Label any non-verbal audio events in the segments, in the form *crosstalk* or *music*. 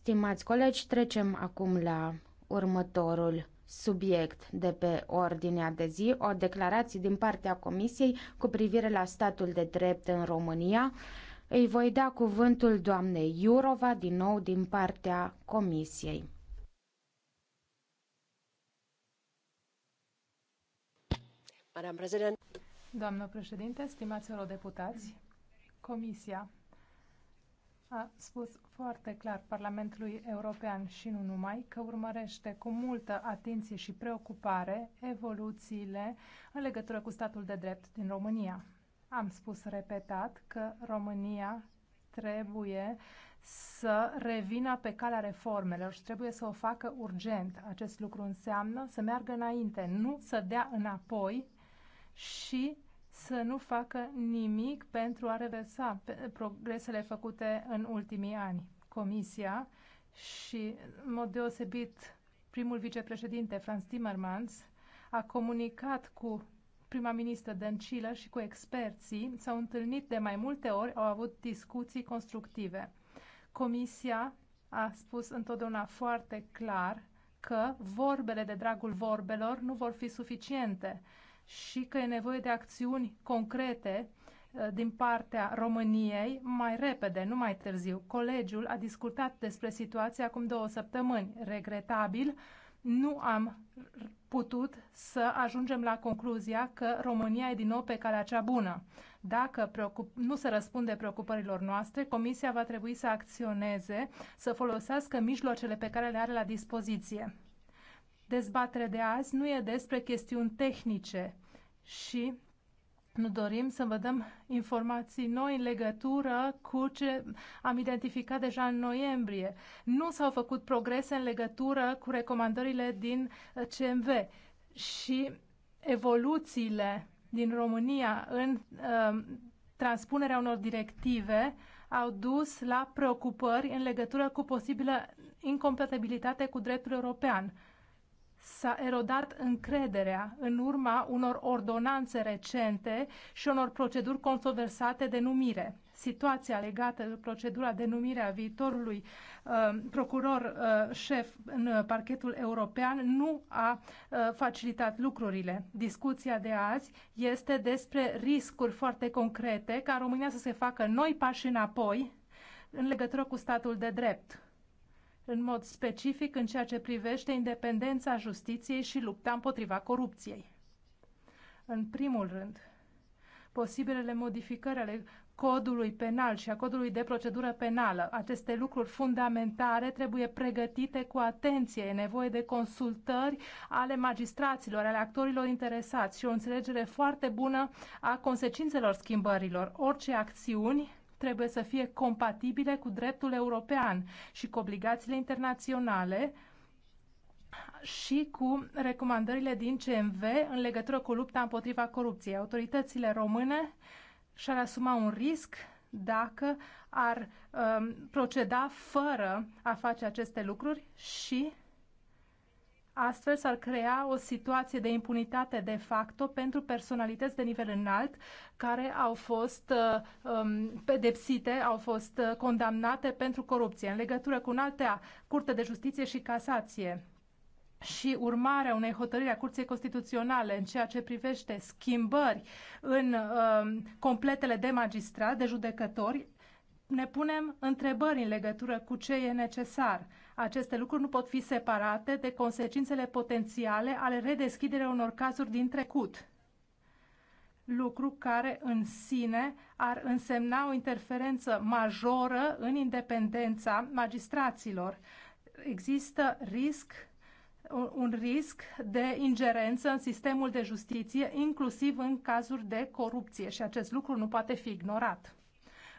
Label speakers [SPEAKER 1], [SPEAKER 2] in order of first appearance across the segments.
[SPEAKER 1] Stimați colegi, trecem acum la următorul subiect de pe ordinea de zi, o declarație din partea Comisiei cu privire la statul de drept în România. Îi voi da cuvântul doamnei Iurova din nou din partea Comisiei.
[SPEAKER 2] Doamnă președinte, stimați eurodeputați, Comisia a spus foarte clar Parlamentului European și nu numai că urmărește cu multă atenție și preocupare evoluțiile în legătură cu statul de drept din România. Am spus repetat că România trebuie să revină pe calea reformelor și trebuie să o facă urgent. Acest lucru înseamnă să meargă înainte, nu să dea înapoi și să nu facă nimic pentru a reversa progresele făcute în ultimii ani. Comisia și, în mod deosebit, primul vicepreședinte, Franz Timmermans, a comunicat cu prima ministră Dăncilă și cu experții, s-au întâlnit de mai multe ori, au avut discuții constructive. Comisia a spus întotdeauna foarte clar că vorbele de dragul vorbelor nu vor fi suficiente și că e nevoie de acțiuni concrete uh, din partea României mai repede, nu mai târziu. Colegiul a discutat despre situația acum două săptămâni. Regretabil, nu am putut să ajungem la concluzia că România e din nou pe calea cea bună. Dacă preocup... nu se răspunde preocupărilor noastre, Comisia va trebui să acționeze, să folosească mijloacele pe care le are la dispoziție. Dezbaterea de azi nu e despre chestiuni tehnice și nu dorim să vă dăm informații noi în legătură cu ce am identificat deja în noiembrie. Nu s-au făcut progrese în legătură cu recomandările din uh, CMV și evoluțiile din România în uh, transpunerea unor directive au dus la preocupări în legătură cu posibilă incompatibilitate cu dreptul european s-a erodat încrederea în urma unor ordonanțe recente și unor proceduri controversate de numire. Situația legată de procedura de numire a viitorului uh, procuror uh, șef în uh, parchetul european nu a uh, facilitat lucrurile. Discuția de azi este despre riscuri foarte concrete ca în România să se facă noi pași înapoi în legătură cu statul de drept în mod specific în ceea ce privește independența justiției și lupta împotriva corupției. În primul rând, posibilele modificări ale codului penal și a codului de procedură penală. Aceste lucruri fundamentale trebuie pregătite cu atenție. E nevoie de consultări ale magistraților, ale actorilor interesați și o înțelegere foarte bună a consecințelor schimbărilor. Orice acțiuni trebuie să fie compatibile cu dreptul european și cu obligațiile internaționale și cu recomandările din CMV în legătură cu lupta împotriva corupției. Autoritățile române și-ar asuma un risc dacă ar um, proceda fără a face aceste lucruri și Astfel s-ar crea o situație de impunitate de facto pentru personalități de nivel înalt care au fost uh, um, pedepsite, au fost uh, condamnate pentru corupție în legătură cu un altea Curte de Justiție și Casație și urmarea unei hotărâri a Curții Constituționale în ceea ce privește schimbări în um, completele de magistrat, de judecători, ne punem întrebări în legătură cu ce e necesar aceste lucruri nu pot fi separate de consecințele potențiale ale redeschiderii unor cazuri din trecut lucru care în sine ar însemna o interferență majoră în independența magistraților. Există risc un risc de ingerență în sistemul de justiție, inclusiv în cazuri de corupție și acest lucru nu poate fi ignorat.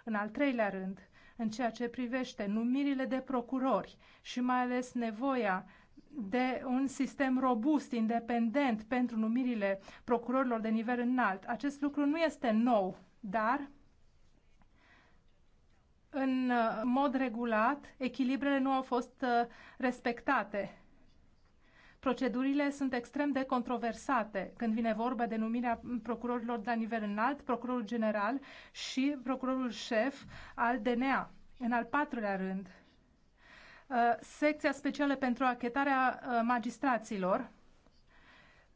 [SPEAKER 2] În al treilea rând, în ceea ce privește numirile de procurori și mai ales nevoia de un sistem robust, independent pentru numirile procurorilor de nivel înalt. Acest lucru nu este nou, dar în uh, mod regulat, echilibrele nu au fost uh, respectate Procedurile sunt extrem de controversate când vine vorba de numirea procurorilor de la nivel înalt, procurorul general și procurorul șef al DNA. În al patrulea rând, uh, secția specială pentru achetarea uh, magistraților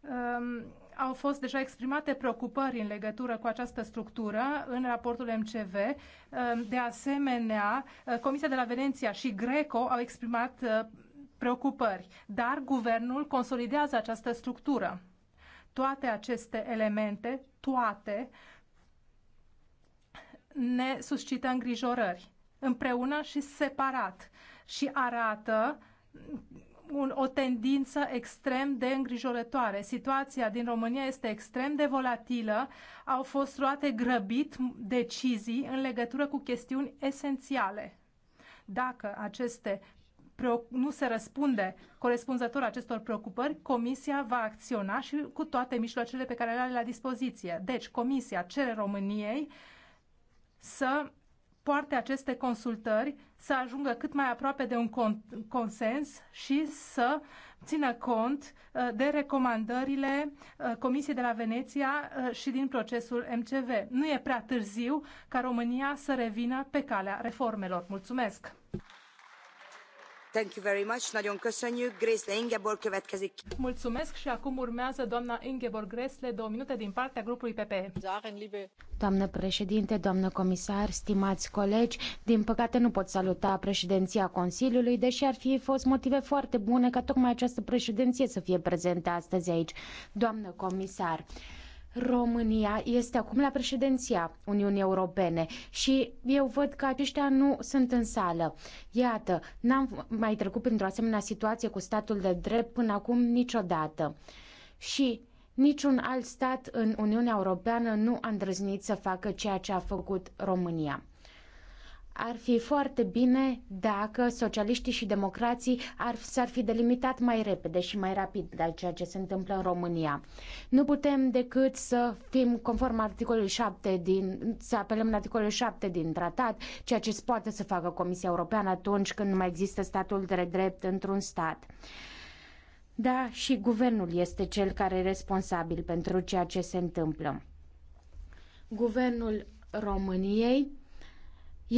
[SPEAKER 2] um, au fost deja exprimate preocupări în legătură cu această structură în raportul MCV. Um, de asemenea, uh, Comisia de la Veneția și Greco au exprimat preocupări, dar guvernul consolidează această structură. Toate aceste elemente, toate, ne suscită îngrijorări, împreună și separat, și arată un, o tendință extrem de îngrijorătoare. Situația din România este extrem de volatilă. Au fost luate grăbit decizii în legătură cu chestiuni esențiale. Dacă aceste nu se răspunde corespunzător acestor preocupări, Comisia va acționa și cu toate mijloacele pe care le are la dispoziție. Deci, Comisia cere României să poarte aceste consultări, să ajungă cât mai aproape de un consens și să țină cont uh, de recomandările uh, Comisiei de la Veneția uh, și din procesul MCV. Nu e prea târziu ca România să revină pe calea reformelor. Mulțumesc!
[SPEAKER 3] Thank you very much.
[SPEAKER 2] Mulțumesc și acum urmează doamna Ingeborg Gresle, două minute din partea grupului PPE.
[SPEAKER 1] Doamnă președinte, doamnă comisar, stimați colegi, din păcate nu pot saluta președinția Consiliului, deși ar fi fost motive foarte bune ca tocmai această președinție să fie prezentă astăzi aici. Doamnă comisar, România este acum la președinția Uniunii Europene și eu văd că aceștia nu sunt în sală. Iată, n-am mai trecut printr-o asemenea situație cu statul de drept până acum niciodată. Și niciun alt stat în Uniunea Europeană nu a îndrăznit să facă ceea ce a făcut România. Ar fi foarte bine dacă socialiștii și democrații ar, s-ar fi delimitat mai repede și mai rapid de ceea ce se întâmplă în România. Nu putem decât să fim conform articolului 7 din, să apelăm la articolul 7 din tratat, ceea ce poate să facă Comisia Europeană atunci când nu mai există statul de drept într-un stat. Da, și guvernul este cel care e responsabil pentru ceea ce se întâmplă. Guvernul României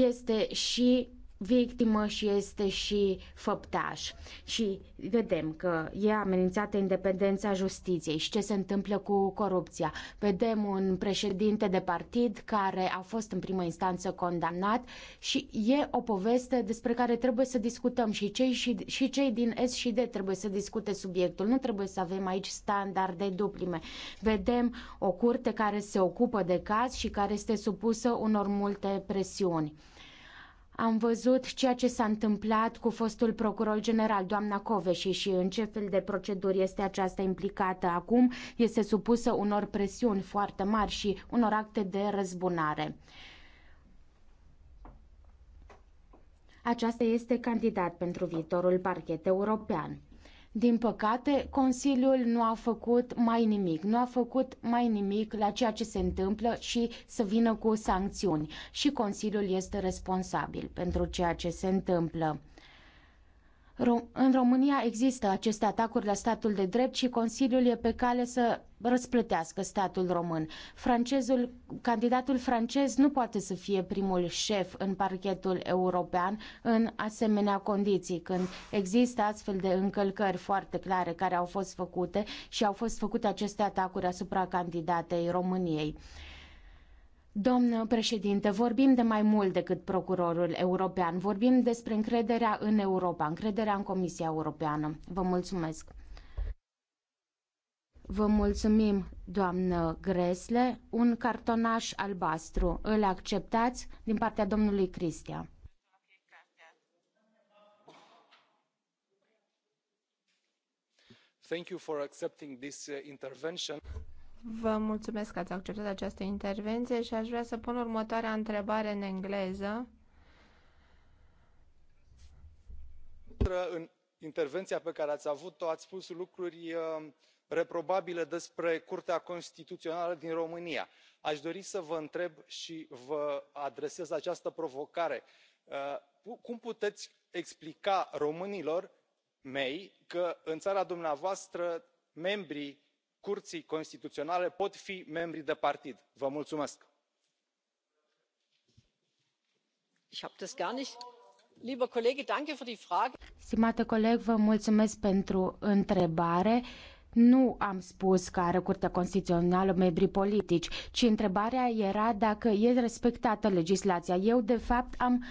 [SPEAKER 1] este și victimă și este și făptaș. Și vedem că e amenințată independența justiției și ce se întâmplă cu corupția. Vedem un președinte de partid care a fost în primă instanță condamnat și e o poveste despre care trebuie să discutăm și cei, și, și cei din S și D trebuie să discute subiectul. Nu trebuie să avem aici standarde duplime. Vedem o curte care se ocupă de caz și care este supusă unor multe presiuni. Am văzut ceea ce s-a întâmplat cu fostul procuror general, doamna Coveși, și în ce fel de proceduri este aceasta implicată acum. Este supusă unor presiuni foarte mari și unor acte de răzbunare. Aceasta este candidat pentru viitorul parchet european. Din păcate, Consiliul nu a făcut mai nimic, nu a făcut mai nimic la ceea ce se întâmplă și să vină cu sancțiuni. Și Consiliul este responsabil pentru ceea ce se întâmplă. În România există aceste atacuri la statul de drept și Consiliul e pe cale să răsplătească statul român. Francezul, candidatul francez nu poate să fie primul șef în parchetul european în asemenea condiții, când există astfel de încălcări foarte clare care au fost făcute și au fost făcute aceste atacuri asupra candidatei României. Domnă președinte, vorbim de mai mult decât procurorul european. Vorbim despre încrederea în Europa, încrederea în Comisia Europeană. Vă mulțumesc. Vă mulțumim, doamnă Gresle. Un cartonaș albastru. Îl acceptați din partea domnului Cristia.
[SPEAKER 4] Thank you for accepting this uh, intervention.
[SPEAKER 5] Vă mulțumesc că ați acceptat această intervenție și aș vrea să pun următoarea întrebare în engleză.
[SPEAKER 4] În intervenția pe care ați avut-o ați spus lucruri uh, reprobabile despre Curtea Constituțională din România. Aș dori să vă întreb și vă adresez această provocare. Uh, cum puteți explica românilor mei că în țara dumneavoastră membrii curții constituționale pot fi membri de partid. vă mulțumesc.
[SPEAKER 1] stimate coleg vă mulțumesc pentru întrebare. Nu am spus că are curtea constituțională membrii politici, ci întrebarea era dacă e respectată legislația. Eu, de fapt, am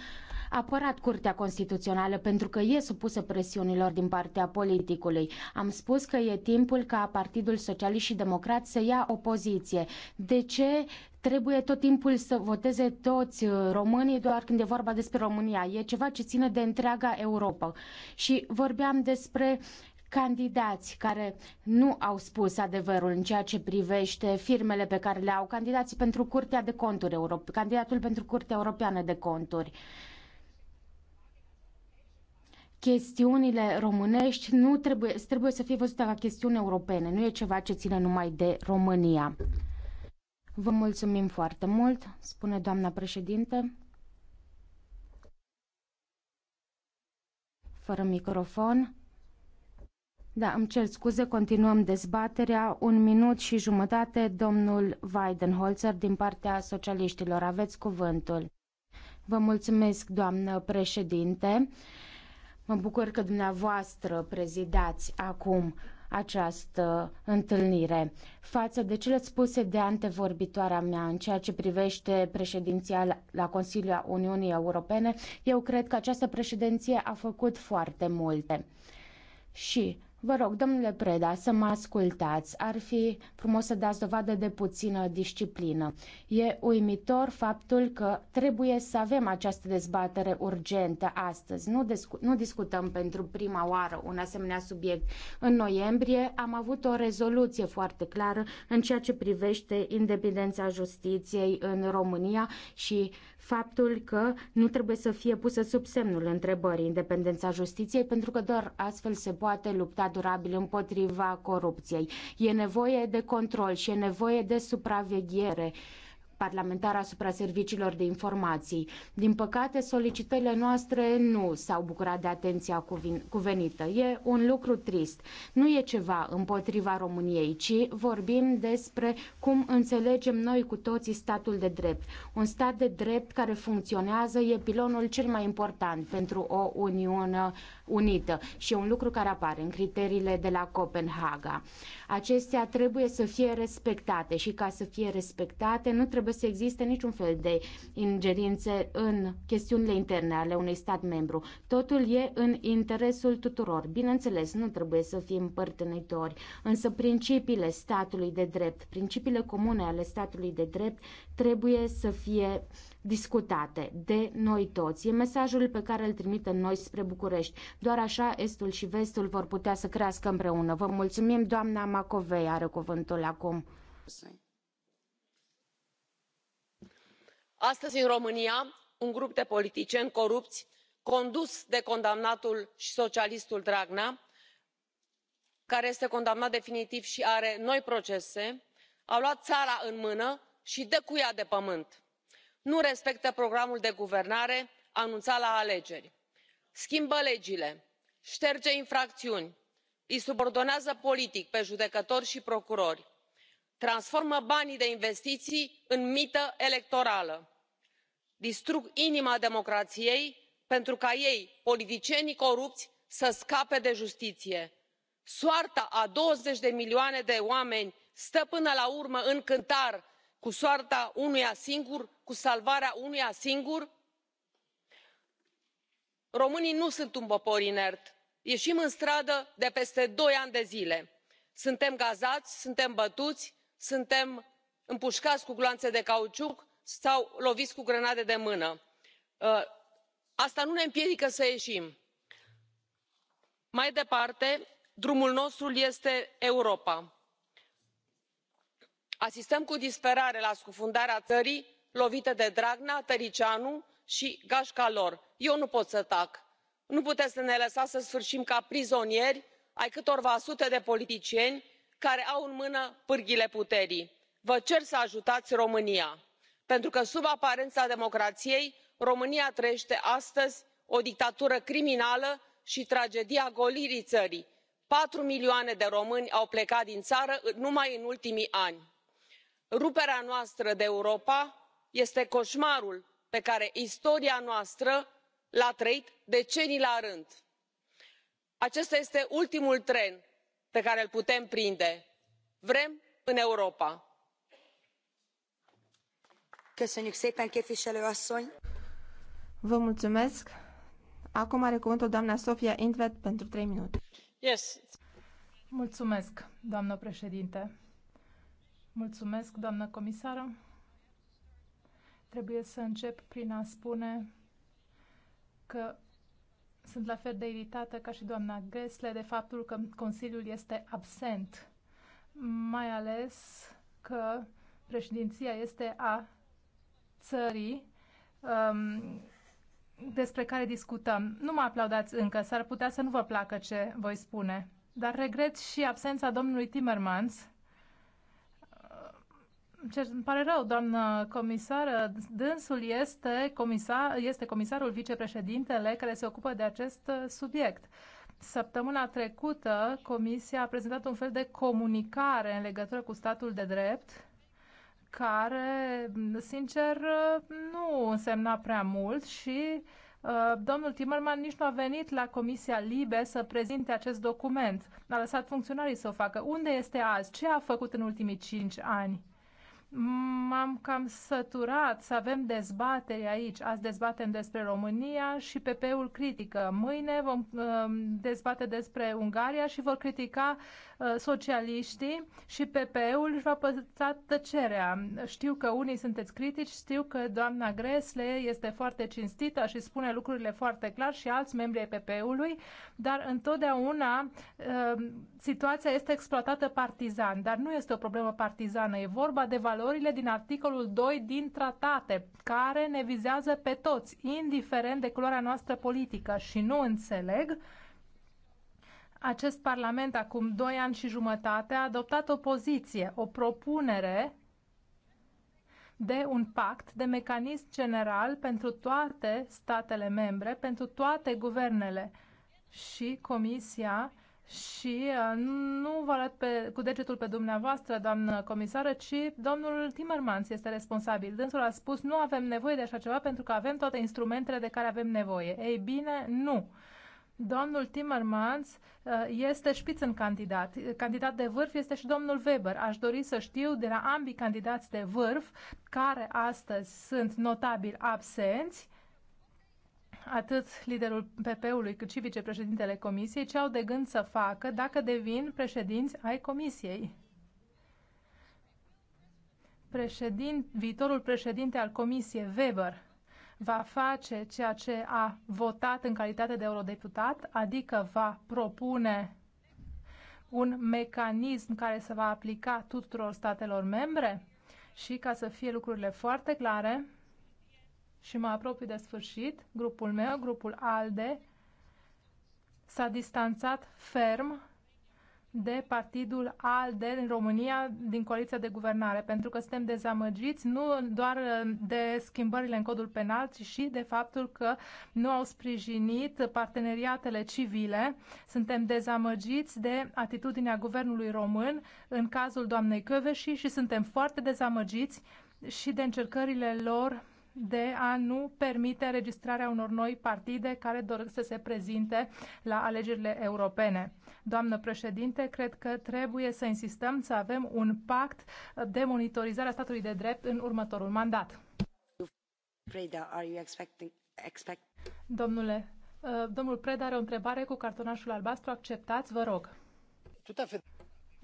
[SPEAKER 1] apărat Curtea Constituțională pentru că e supusă presiunilor din partea politicului. Am spus că e timpul ca Partidul Socialist și Democrat să ia o poziție. De ce trebuie tot timpul să voteze toți uh, românii doar când e vorba despre România? E ceva ce ține de întreaga Europa. Și vorbeam despre candidați care nu au spus adevărul în ceea ce privește firmele pe care le au, candidații pentru Curtea de Conturi Europe, candidatul pentru Curtea Europeană de Conturi. Uh, chestiunile românești nu trebuie, trebuie să fie văzute ca chestiuni europene, nu e ceva ce ține numai de România. Vă mulțumim foarte mult, spune doamna președinte. Fără microfon. Da, îmi cer scuze, continuăm dezbaterea. Un minut și jumătate, domnul Weidenholzer, din partea socialiștilor. Aveți cuvântul. Vă mulțumesc, doamnă președinte. Uh, Mă bucur că dumneavoastră prezidați acum această întâlnire. Față de cele spuse de antevorbitoarea mea în ceea ce privește președinția la Consiliul Uniunii Europene, eu cred că această președinție a făcut foarte multe. Și Vă rog, domnule Preda, să mă ascultați. Ar fi frumos să dați dovadă de puțină disciplină. E uimitor faptul că trebuie să avem această dezbatere urgentă astăzi. Nu, discu- nu discutăm pentru prima oară un asemenea subiect. În noiembrie am avut o rezoluție foarte clară în ceea ce privește independența justiției în România și uh, faptul că nu trebuie să fie pusă sub semnul întrebării independența justiției, pentru că doar astfel se poate lupta durabil împotriva corupției. E nevoie de control și e nevoie de supraveghere parlamentar asupra serviciilor de informații. Din păcate, solicitările noastre nu s-au bucurat de atenția cuvenită. E un lucru trist. Nu e ceva împotriva României, ci vorbim despre cum înțelegem noi cu toții statul de drept. Un stat de drept care funcționează e pilonul cel mai important pentru o Uniune unită și e un lucru care apare în criteriile de la Copenhaga. Acestea trebuie să fie respectate și ca să fie respectate nu trebuie trebuie să existe niciun fel de ingerințe în chestiunile interne ale unui stat membru. Totul e în interesul tuturor. Bineînțeles, nu trebuie să fim părtenitori, însă principiile statului de drept, principiile comune ale statului de drept trebuie să fie discutate de noi toți. E mesajul pe care îl trimitem noi spre București. Doar așa Estul și Vestul vor putea să crească împreună. Vă mulțumim, doamna Macovei are cuvântul acum.
[SPEAKER 5] astăzi în românia un grup de politicieni corupți condus de condamnatul și socialistul dragnea care este condamnat definitiv și are noi procese a luat țara în mână și dă cu ea de pământ nu respectă programul de guvernare anunțat la alegeri schimbă legile șterge infracțiuni îi subordonează politic pe judecători și procurori transformă banii de investiții în mită electorală distrug inima democrației pentru ca ei politicienii corupți să scape de justiție. soarta a douăzeci de milioane de oameni stă până la urmă în cântar cu soarta unuia singur cu salvarea unuia singur? românii nu sunt un popor inert ieșim în stradă de peste doi ani de zile suntem gazați suntem bătuți suntem împușcați cu gloanțe de cauciuc sau loviți cu grenade de mână. Uh, asta nu ne împiedică să ieșim. mai departe drumul nostru este europa. asistăm cu disperare la scufundarea țării lovite de dragnea tăriceanu și gașca lor. eu nu pot să tac. nu puteți să ne lăsați să sfârșim ca prizonieri ai câtorva sute de politicieni care au în mână pârghiile puterii. vă cer să ajutați românia pentru că sub aparența democrației românia trăiește astăzi o dictatură criminală și tragedia golirii țării patru milioane de români au plecat din țară numai în ultimii ani. ruperea noastră de europa este coșmarul pe care istoria noastră l a trăit decenii la rând. acesta este ultimul tren pe care îl putem prinde. vrem în europa. Vă mulțumesc. Acum are cuvântul doamna Sofia Intvet pentru 3 minute.
[SPEAKER 2] Yes. Mulțumesc, doamnă președinte. Mulțumesc, doamnă comisară. Trebuie să încep prin a spune că sunt la fel de iritată ca și doamna Gresle de faptul că Consiliul este absent, mai ales că președinția este a țării um, despre care discutăm. Nu mă aplaudați încă, s-ar putea să nu vă placă ce voi spune. Dar regret și absența domnului Timmermans. Ce, îmi pare rău, doamnă comisară, dânsul este, comisar, este comisarul vicepreședintele care se ocupă de acest subiect. Săptămâna trecută, Comisia a prezentat un fel de comunicare în legătură cu statul de drept care, sincer, nu însemna prea mult și uh, Domnul Timmerman nici nu a venit la Comisia Libe să prezinte acest document. A lăsat funcționarii să o facă. Unde este azi? Ce a făcut în ultimii cinci ani? M-am cam săturat să avem dezbateri aici. Azi dezbatem despre România și PP-ul critică. Mâine vom uh, dezbate despre Ungaria și vor critica Uh, socialiștii și PPE-ul își va păstra tăcerea. Știu că unii sunteți critici, știu că doamna Gresle este foarte cinstită și spune lucrurile foarte clar și alți membri ai PPE-ului, dar întotdeauna uh, situația este exploatată partizan, dar nu este o problemă partizană, e vorba de valorile din articolul 2 din tratate, care ne vizează pe toți, indiferent de culoarea noastră politică și nu înțeleg acest Parlament acum doi ani și jumătate a adoptat o poziție, o propunere de un pact de mecanism general pentru toate statele membre, pentru toate guvernele și Comisia și uh, nu vă arăt pe, cu degetul pe dumneavoastră, doamnă comisară, ci domnul Timmermans este responsabil. Dânsul a spus nu avem nevoie de așa ceva pentru că avem toate instrumentele de care avem nevoie. Ei bine, nu. Domnul Timmermans uh, este în candidat. Candidat de vârf este și domnul Weber. Aș dori să știu de la ambii candidați de vârf, care astăzi sunt notabil absenți, atât liderul PP-ului cât și vicepreședintele Comisiei, ce au de gând să facă dacă devin președinți ai Comisiei. Președin, viitorul președinte al Comisiei, Weber, va face ceea ce a votat în calitate de eurodeputat, adică va propune un mecanism care se va aplica tuturor statelor membre? Și ca să fie lucrurile foarte clare, și mă apropii de sfârșit, grupul meu, grupul ALDE, s-a distanțat ferm de partidul ALDE în România, din coaliția de guvernare, pentru că suntem dezamăgiți nu doar de schimbările în codul penal, ci și de faptul că nu au sprijinit parteneriatele civile. Suntem dezamăgiți de atitudinea guvernului român în cazul doamnei Căveși și suntem foarte dezamăgiți și de încercările lor de a nu permite registrarea unor noi partide care doresc să se prezinte la alegerile europene. Doamnă președinte, cred că trebuie să insistăm să avem un pact de monitorizare a statului de drept în următorul mandat.
[SPEAKER 6] Preda, are you expecting, expect...
[SPEAKER 2] Domnule, uh, domnul Preda are o întrebare cu cartonașul albastru. Acceptați, vă rog.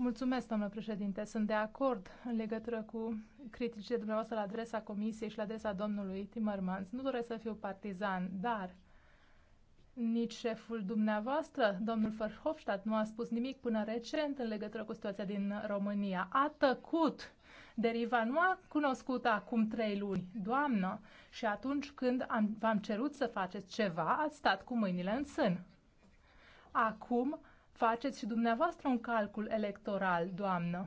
[SPEAKER 2] Mulțumesc, doamnă președinte. Sunt de acord în legătură cu criticile dumneavoastră la adresa Comisiei și la adresa domnului Timmermans. Nu doresc să fiu partizan, dar nici șeful dumneavoastră, domnul Verhofstadt, nu a spus nimic până recent în legătură cu situația din România. A tăcut. Deriva nu a cunoscut acum trei luni, doamnă, și atunci când am, v-am cerut să faceți ceva, ați stat cu mâinile în sân. Acum faceți și dumneavoastră un calcul electoral, doamnă.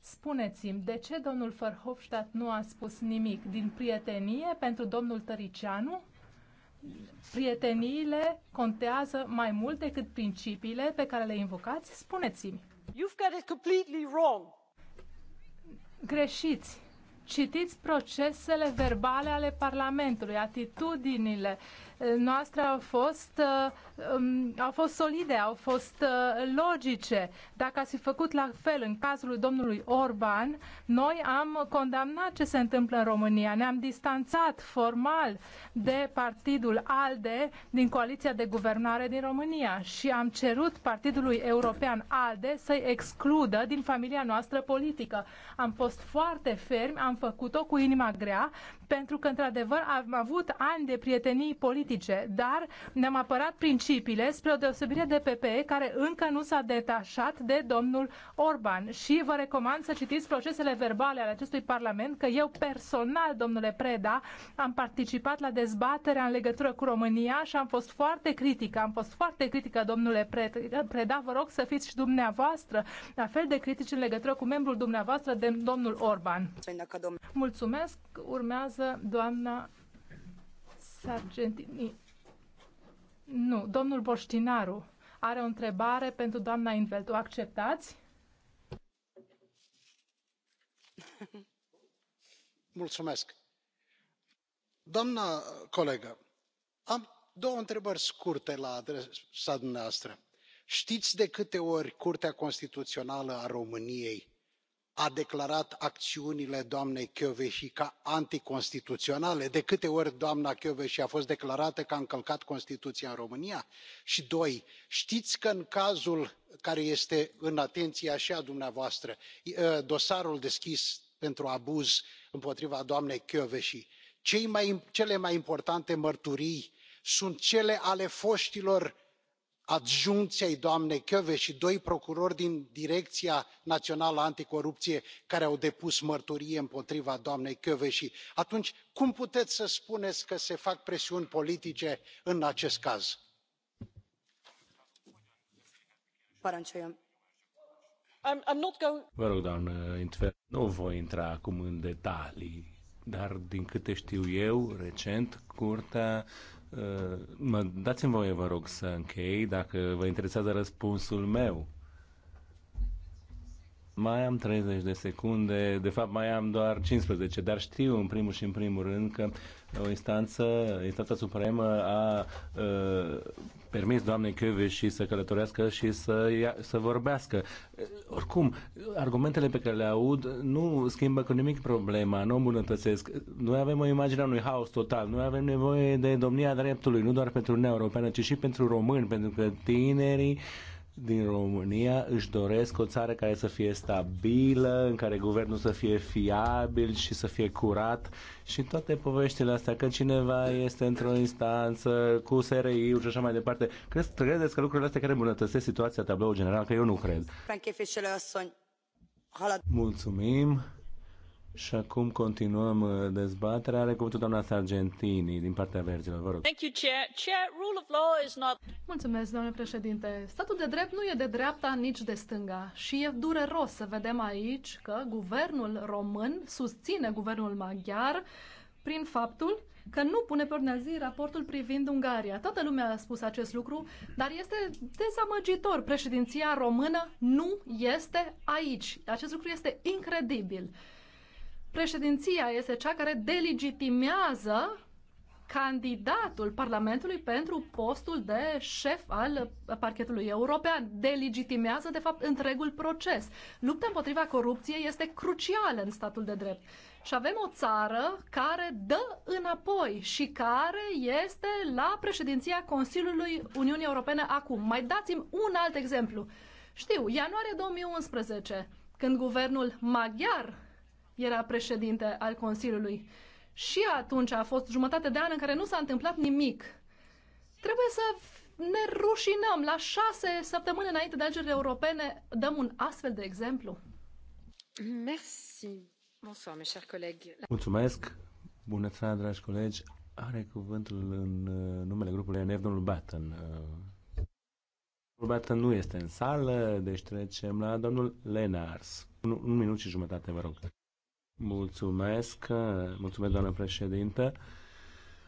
[SPEAKER 2] Spuneți-mi, de ce domnul Verhofstadt nu a spus nimic? Din prietenie pentru domnul Tăricianu? Prieteniile contează mai mult decât principiile pe care le invocați? Spuneți-mi. You've got it completely wrong. Greșiți. Citiți procesele verbale ale Parlamentului, atitudinile, noastre au fost, uh, um, au fost solide, au fost uh, logice. Dacă ați fi făcut la fel în cazul domnului Orban, noi am condamnat ce se întâmplă în România. Ne-am distanțat formal de partidul ALDE din coaliția de guvernare din România și am cerut partidului european ALDE să-i excludă din familia noastră politică. Am fost foarte fermi, am făcut-o cu inima grea, pentru că, într-adevăr, am avut ani de prietenii politice politice, dar ne-am apărat principiile spre o deosebire de PPE care încă nu s-a detașat de domnul Orban. Și vă recomand să citiți procesele verbale ale acestui Parlament, că eu personal, domnule Preda, am participat la dezbaterea în legătură cu România și am fost foarte critică. Am fost foarte critică, domnule Preda, vă rog să fiți și dumneavoastră la fel de critici în legătură cu membrul dumneavoastră, de domnul Orban. Mulțumesc. Urmează doamna Sargentini. Nu, domnul Boștinaru are o întrebare pentru doamna Invelt. O acceptați?
[SPEAKER 7] *laughs* Mulțumesc. Doamna colegă, am două întrebări scurte la adresa dumneavoastră știți de câte ori curtea constituțională a româniei a declarat acțiunile doamnei kvesi ca anticonstituționale de câte ori doamna kvesi a fost declarată că a încălcat constituția în românia? și doi știți că în cazul care este în atenția și a dumneavoastră dosarul deschis pentru abuz împotriva doamnei kvesi cele mai importante mărturii sunt cele ale foștilor adjuncți ai doamnei kvesi și doi procurori din direcția națională anticorupție care au depus mărturie împotriva doamnei kvesi atunci cum puteți să spuneți că se fac presiuni politice în acest caz?
[SPEAKER 8] vă rog doamnă in 't veld nu voi intra acum în detalii dar din câte știu eu recent curtea Eh, mă dați-mi voie, vă rog, să închei dacă vă interesează răspunsul meu mai am 30 de secunde, de fapt mai am doar 15, dar știu în primul și în primul rând că o instanță, instanța supremă a, uh, permis doamnei Căve și să călătorească și să, ia, să vorbească. Oricum, argumentele pe care le aud nu schimbă cu nimic problema, nu îmbunătățesc. Noi avem o imagine a unui haos total, noi avem nevoie de domnia dreptului, nu doar pentru Uniunea Europeană, ci și pentru români, pentru că tinerii uh, din România își doresc o țară care să fie stabilă, în care guvernul să fie fiabil și să fie curat și toate poveștile astea, că cineva este într-o instanță cu sri și așa mai departe. Crezi, credeți că lucrurile astea care îmbunătățesc situația tabloul general? Că eu nu cred. Mulțumim. Și acum continuăm uh, dezbaterea. Are cuvântul doamna Sargentini din partea verzilor. Vă rog.
[SPEAKER 9] Thank you, Chair. Chair, rule of law is
[SPEAKER 10] not... Mulțumesc, domnule președinte. Statul de drept nu e de dreapta nici de stânga și e dureros să vedem aici că guvernul român susține guvernul maghiar prin faptul că nu pune pe ordinea zi raportul privind Ungaria. Toată lumea a spus acest lucru, dar este dezamăgitor. Președinția română nu este aici. Acest lucru este incredibil președinția este cea care delegitimează candidatul Parlamentului pentru postul de șef al parchetului european. Delegitimează, de fapt, întregul proces. Lupta împotriva corupției este crucială în statul de drept. Și avem o țară care dă înapoi și care este la președinția Consiliului Uniunii Europene acum. Mai dați-mi un alt exemplu. Știu, ianuarie 2011, când guvernul maghiar era președinte al Consiliului. Și atunci a fost jumătate de an în care nu s-a întâmplat nimic. Trebuie să ne rușinăm. La șase săptămâni înainte de alegerile europene dăm un astfel de exemplu. Merci. Bonsoir, mes chers collègues.
[SPEAKER 8] Mulțumesc. Bună seara, dragi colegi. Are cuvântul în uh, numele grupului NF, domnul Batten. Uh, domnul Batten nu este în sală, deci trecem la domnul Lenars. Un, un minut și jumătate, vă rog. Mulțumesc, mulțumesc doamnă președintă.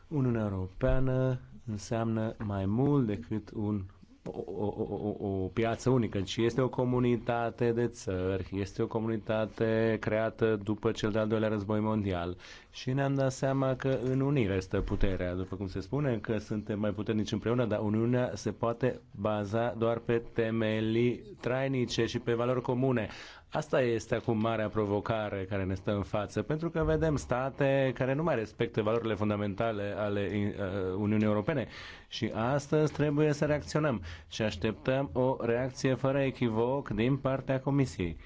[SPEAKER 8] Uniunea Europeană înseamnă mai mult decât un, o, o, o, o piață unică, ci este o comunitate de țări, este o comunitate creată după cel de-al doilea război mondial. Și ne-am dat seama că în unire stă puterea, după cum se spune, că suntem mai puternici împreună, dar Uniunea se poate baza doar pe temelii trainice și pe valori comune. Asta este acum marea provocare care ne stă în față, pentru că vedem state care nu mai respectă valorile fundamentale ale uh, Uniunii Europene și astăzi trebuie să reacționăm și așteptăm o reacție fără echivoc din partea Comisiei.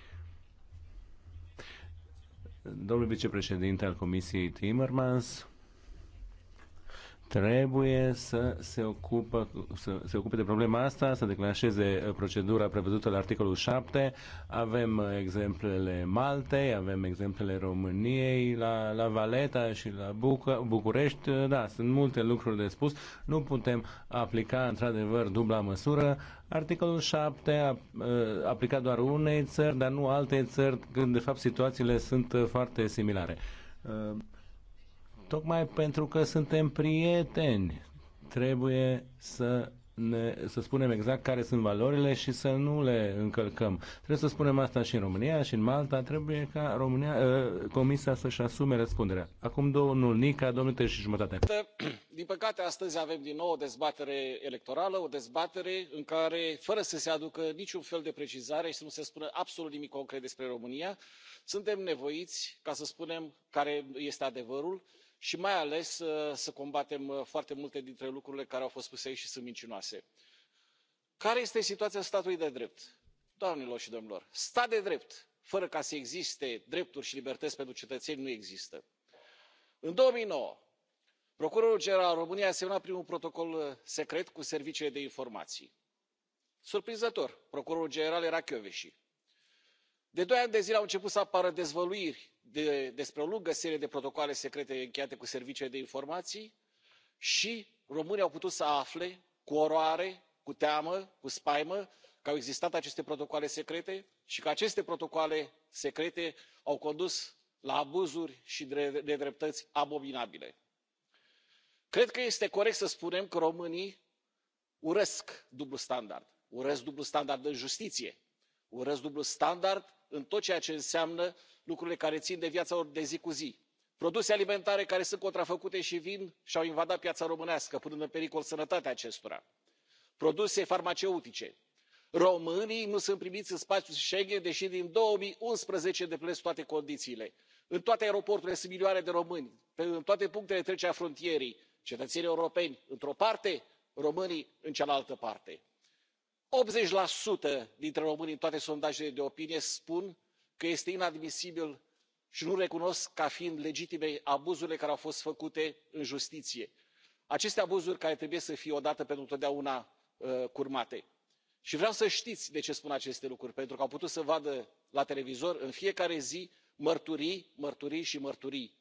[SPEAKER 8] Domnul vicepreședinte al Comisiei Timmermans, trebuie să se, ocupă, să se ocupe de problema asta, să declanșeze uh, procedura prevăzută la articolul 7. Avem uh, exemplele Maltei, avem exemplele României, la, la Valeta și la Bucă, București. Uh, da, sunt multe lucruri de spus. Nu putem aplica într-adevăr dubla măsură. Articolul 7 a, a aplicat doar unei țări, dar nu alte țări, când de fapt situațiile sunt foarte similare. Tocmai pentru că suntem prieteni, trebuie să ne, să spunem exact care sunt valorile și să nu le încălcăm. Trebuie să spunem asta și în România și în Malta. Trebuie ca România, ă, Comisia să-și asume răspunderea. Acum domnul Nica, domnul și jumătate.
[SPEAKER 11] Din păcate, astăzi avem din nou o dezbatere electorală, o dezbatere în care, fără să se aducă niciun fel de precizare și să nu se spună absolut nimic concret despre România, suntem nevoiți, ca să spunem care este adevărul, și mai ales uh, să combatem uh, foarte multe dintre lucrurile care au fost spuse aici și sunt mincinoase. care este situația statului de drept? doamnelor și domnilor stat de drept fără ca să existe drepturi și libertăți pentru cetățeni nu există. în două mii nouă procurorul general al româniei a semnat primul protocol uh, secret cu serviciile de informații. surprinzător procurorul general era kvesi. de doi ani de zile au început să apară dezvăluiri despre o lungă serie de protocoale secrete încheiate cu serviciile de informații și românii au putut să afle cu oroare cu teamă cu spaimă că au existat aceste protocoale secrete și că aceste protocoale secrete au condus la abuzuri și nedreptăți abominabile. cred că este corect să spunem că românii urăsc dublul standard urăsc dublul standard în justiție urăsc dublul standard în tot ceea ce înseamnă lucrurile care țin de viața lor de zi cu zi produse alimentare care sunt contrafăcute și vin și au invadat piața românească punând în pericol sănătatea acestora produse farmaceutice. românii nu sunt primiți în spațiul schengen deși din două mii unsprezece îndeplinesc toate condițiile. în toate aeroporturile sunt milioane de români în toate punctele de trecere a frontierei cetățeni europeni într o parte românii în cealaltă parte. optzeci dintre români în toate sondajele de opinie spun că este inadmisibil și nu recunosc ca fiind legitime abuzurile care au fost făcute în justiție aceste abuzuri care trebuie să fie odată pentru totdeauna uh, curmate. și vreau să știți de ce spun aceste lucruri pentru că am putut să vadă la televizor în fiecare zi mărturii mărturii și mărturii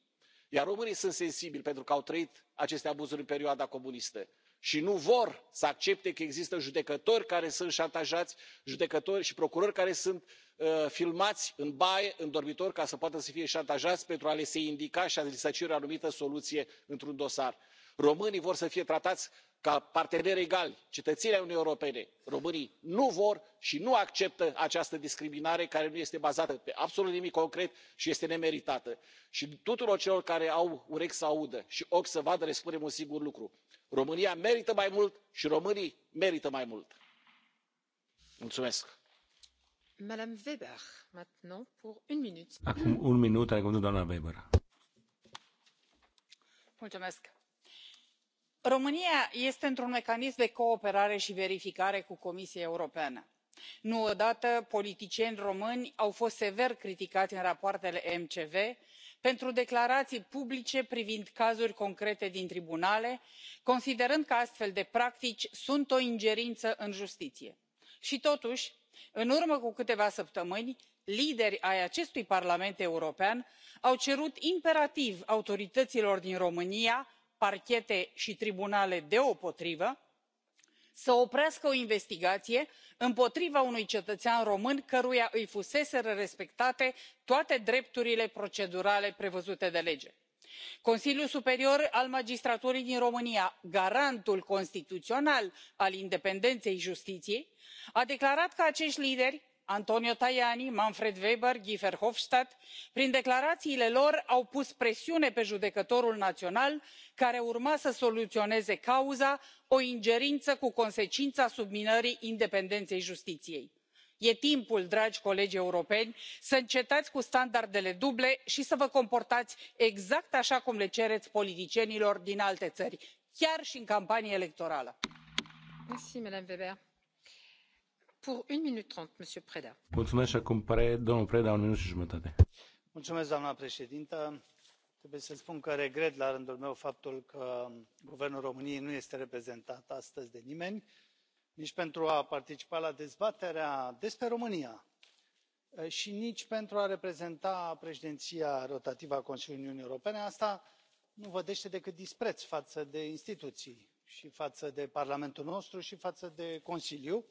[SPEAKER 11] iar românii sunt sensibili pentru că au trăit aceste abuzuri în perioada comunistă și nu vor să accepte că există judecători care sunt șantajați judecători și procurori care sunt uh, filmați în baie în dormitor ca să poată să fie șantajați pentru a li se indica și a li se cere o anumită soluție într un dosar. românii vor să fie tratați ca parteneri egali cetățeni ai uniunii europene. românii nu vor și nu acceptă această discriminare care nu este bazată pe absolut nimic concret și este nemeritată. și tuturor celor care au urechi să audă și ochi să vadă le spunem un singur lucru românia merită mai mult și românii merită mai mult. mulțumesc.
[SPEAKER 5] Acum
[SPEAKER 8] un Weber.
[SPEAKER 9] Mulțumesc. România este într un mecanism de cooperare și verificare cu comisia europeană. nu o dată politicieni români au fost sever criticați în rapoartele mcv pentru pentru declarații publice privind cazuri concrete din tribunale considerând că astfel de practici sunt o ingerință în justiție. și totuși în urmă cu câteva săptămâni lideri ai acestui parlament european au cerut imperativ autorităților din românia parchete și tribunale deopotrivă să oprească o investigație împotriva unui cetățean român căruia îi fusese respectate toate drepturile procedurale prevăzute de lege. consiliul superior al magistraturii din românia garantul constituțional al independenței justiției a declarat că acești lideri antonio tajani manfred weber guy verhofstadt prin declarațiile lor au pus presiune pe judecătorul național care urma să soluționeze cauza o ingerință cu consecința subminării independenței justiției. e timpul dragi colegi europeni să încetați cu standardele duble și să vă comportați exact așa cum le cereți politicienilor din alte țări chiar și în campanie electorală
[SPEAKER 12] doamnă președintă trebuie să spun că regret la rândul meu faptul că guvernul româniei nu este reprezentat astăzi de nimeni nici pentru a participa la dezbaterea despre românia eh, și nici pentru a reprezenta președinția rotativă a consiliului uniunii europene. asta nu vădește decât dispreț față de instituții și față de parlamentul nostru și față de consiliu.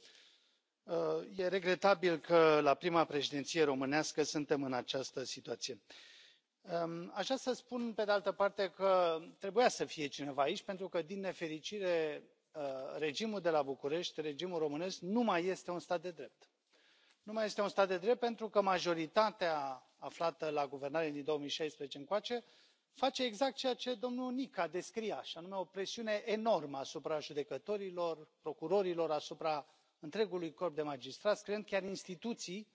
[SPEAKER 12] Uh, e regretabil că la prima președinție românească suntem în această situație. Um, aș vrea să spun pe de altă parte că trebuia să fie cineva aici pentru că din nefericire uh, regimul de la bucurești regimul românesc nu mai este un stat de drept. nu mai este un stat de drept pentru că majoritatea aflată la guvernare din două mii șaisprezece încoace face exact ceea ce domnul nica descria și anume o presiune enormă asupra judecătorilor procurorilor asupra întregului corp de magistrați creând chiar instituții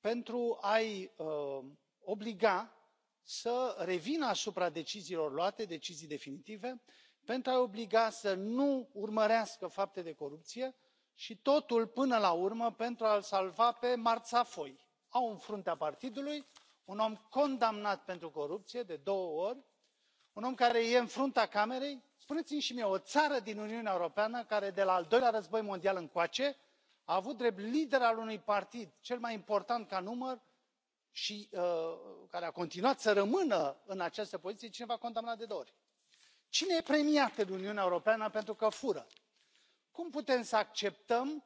[SPEAKER 12] pentru a i uh, obliga să revină asupra deciziilor luate decizii definitive pentru a i obliga să nu urmărească fapte de corupție și totul până la urmă pentru a l salva pe marțafoi. au în fruntea partidului un om condamnat pentru corupție de două ori un om care e în fruntea camerei spuneți mi și mie o țară din uniunea europeană care de la al doilea război mondial încoace a avut drept lider al unui partid cel mai important ca număr și uh, care a continuat să rămână în această poziție cineva condamnat de două ori. cine este premiat în uniunea europeană pentru că fură? cum putem să acceptăm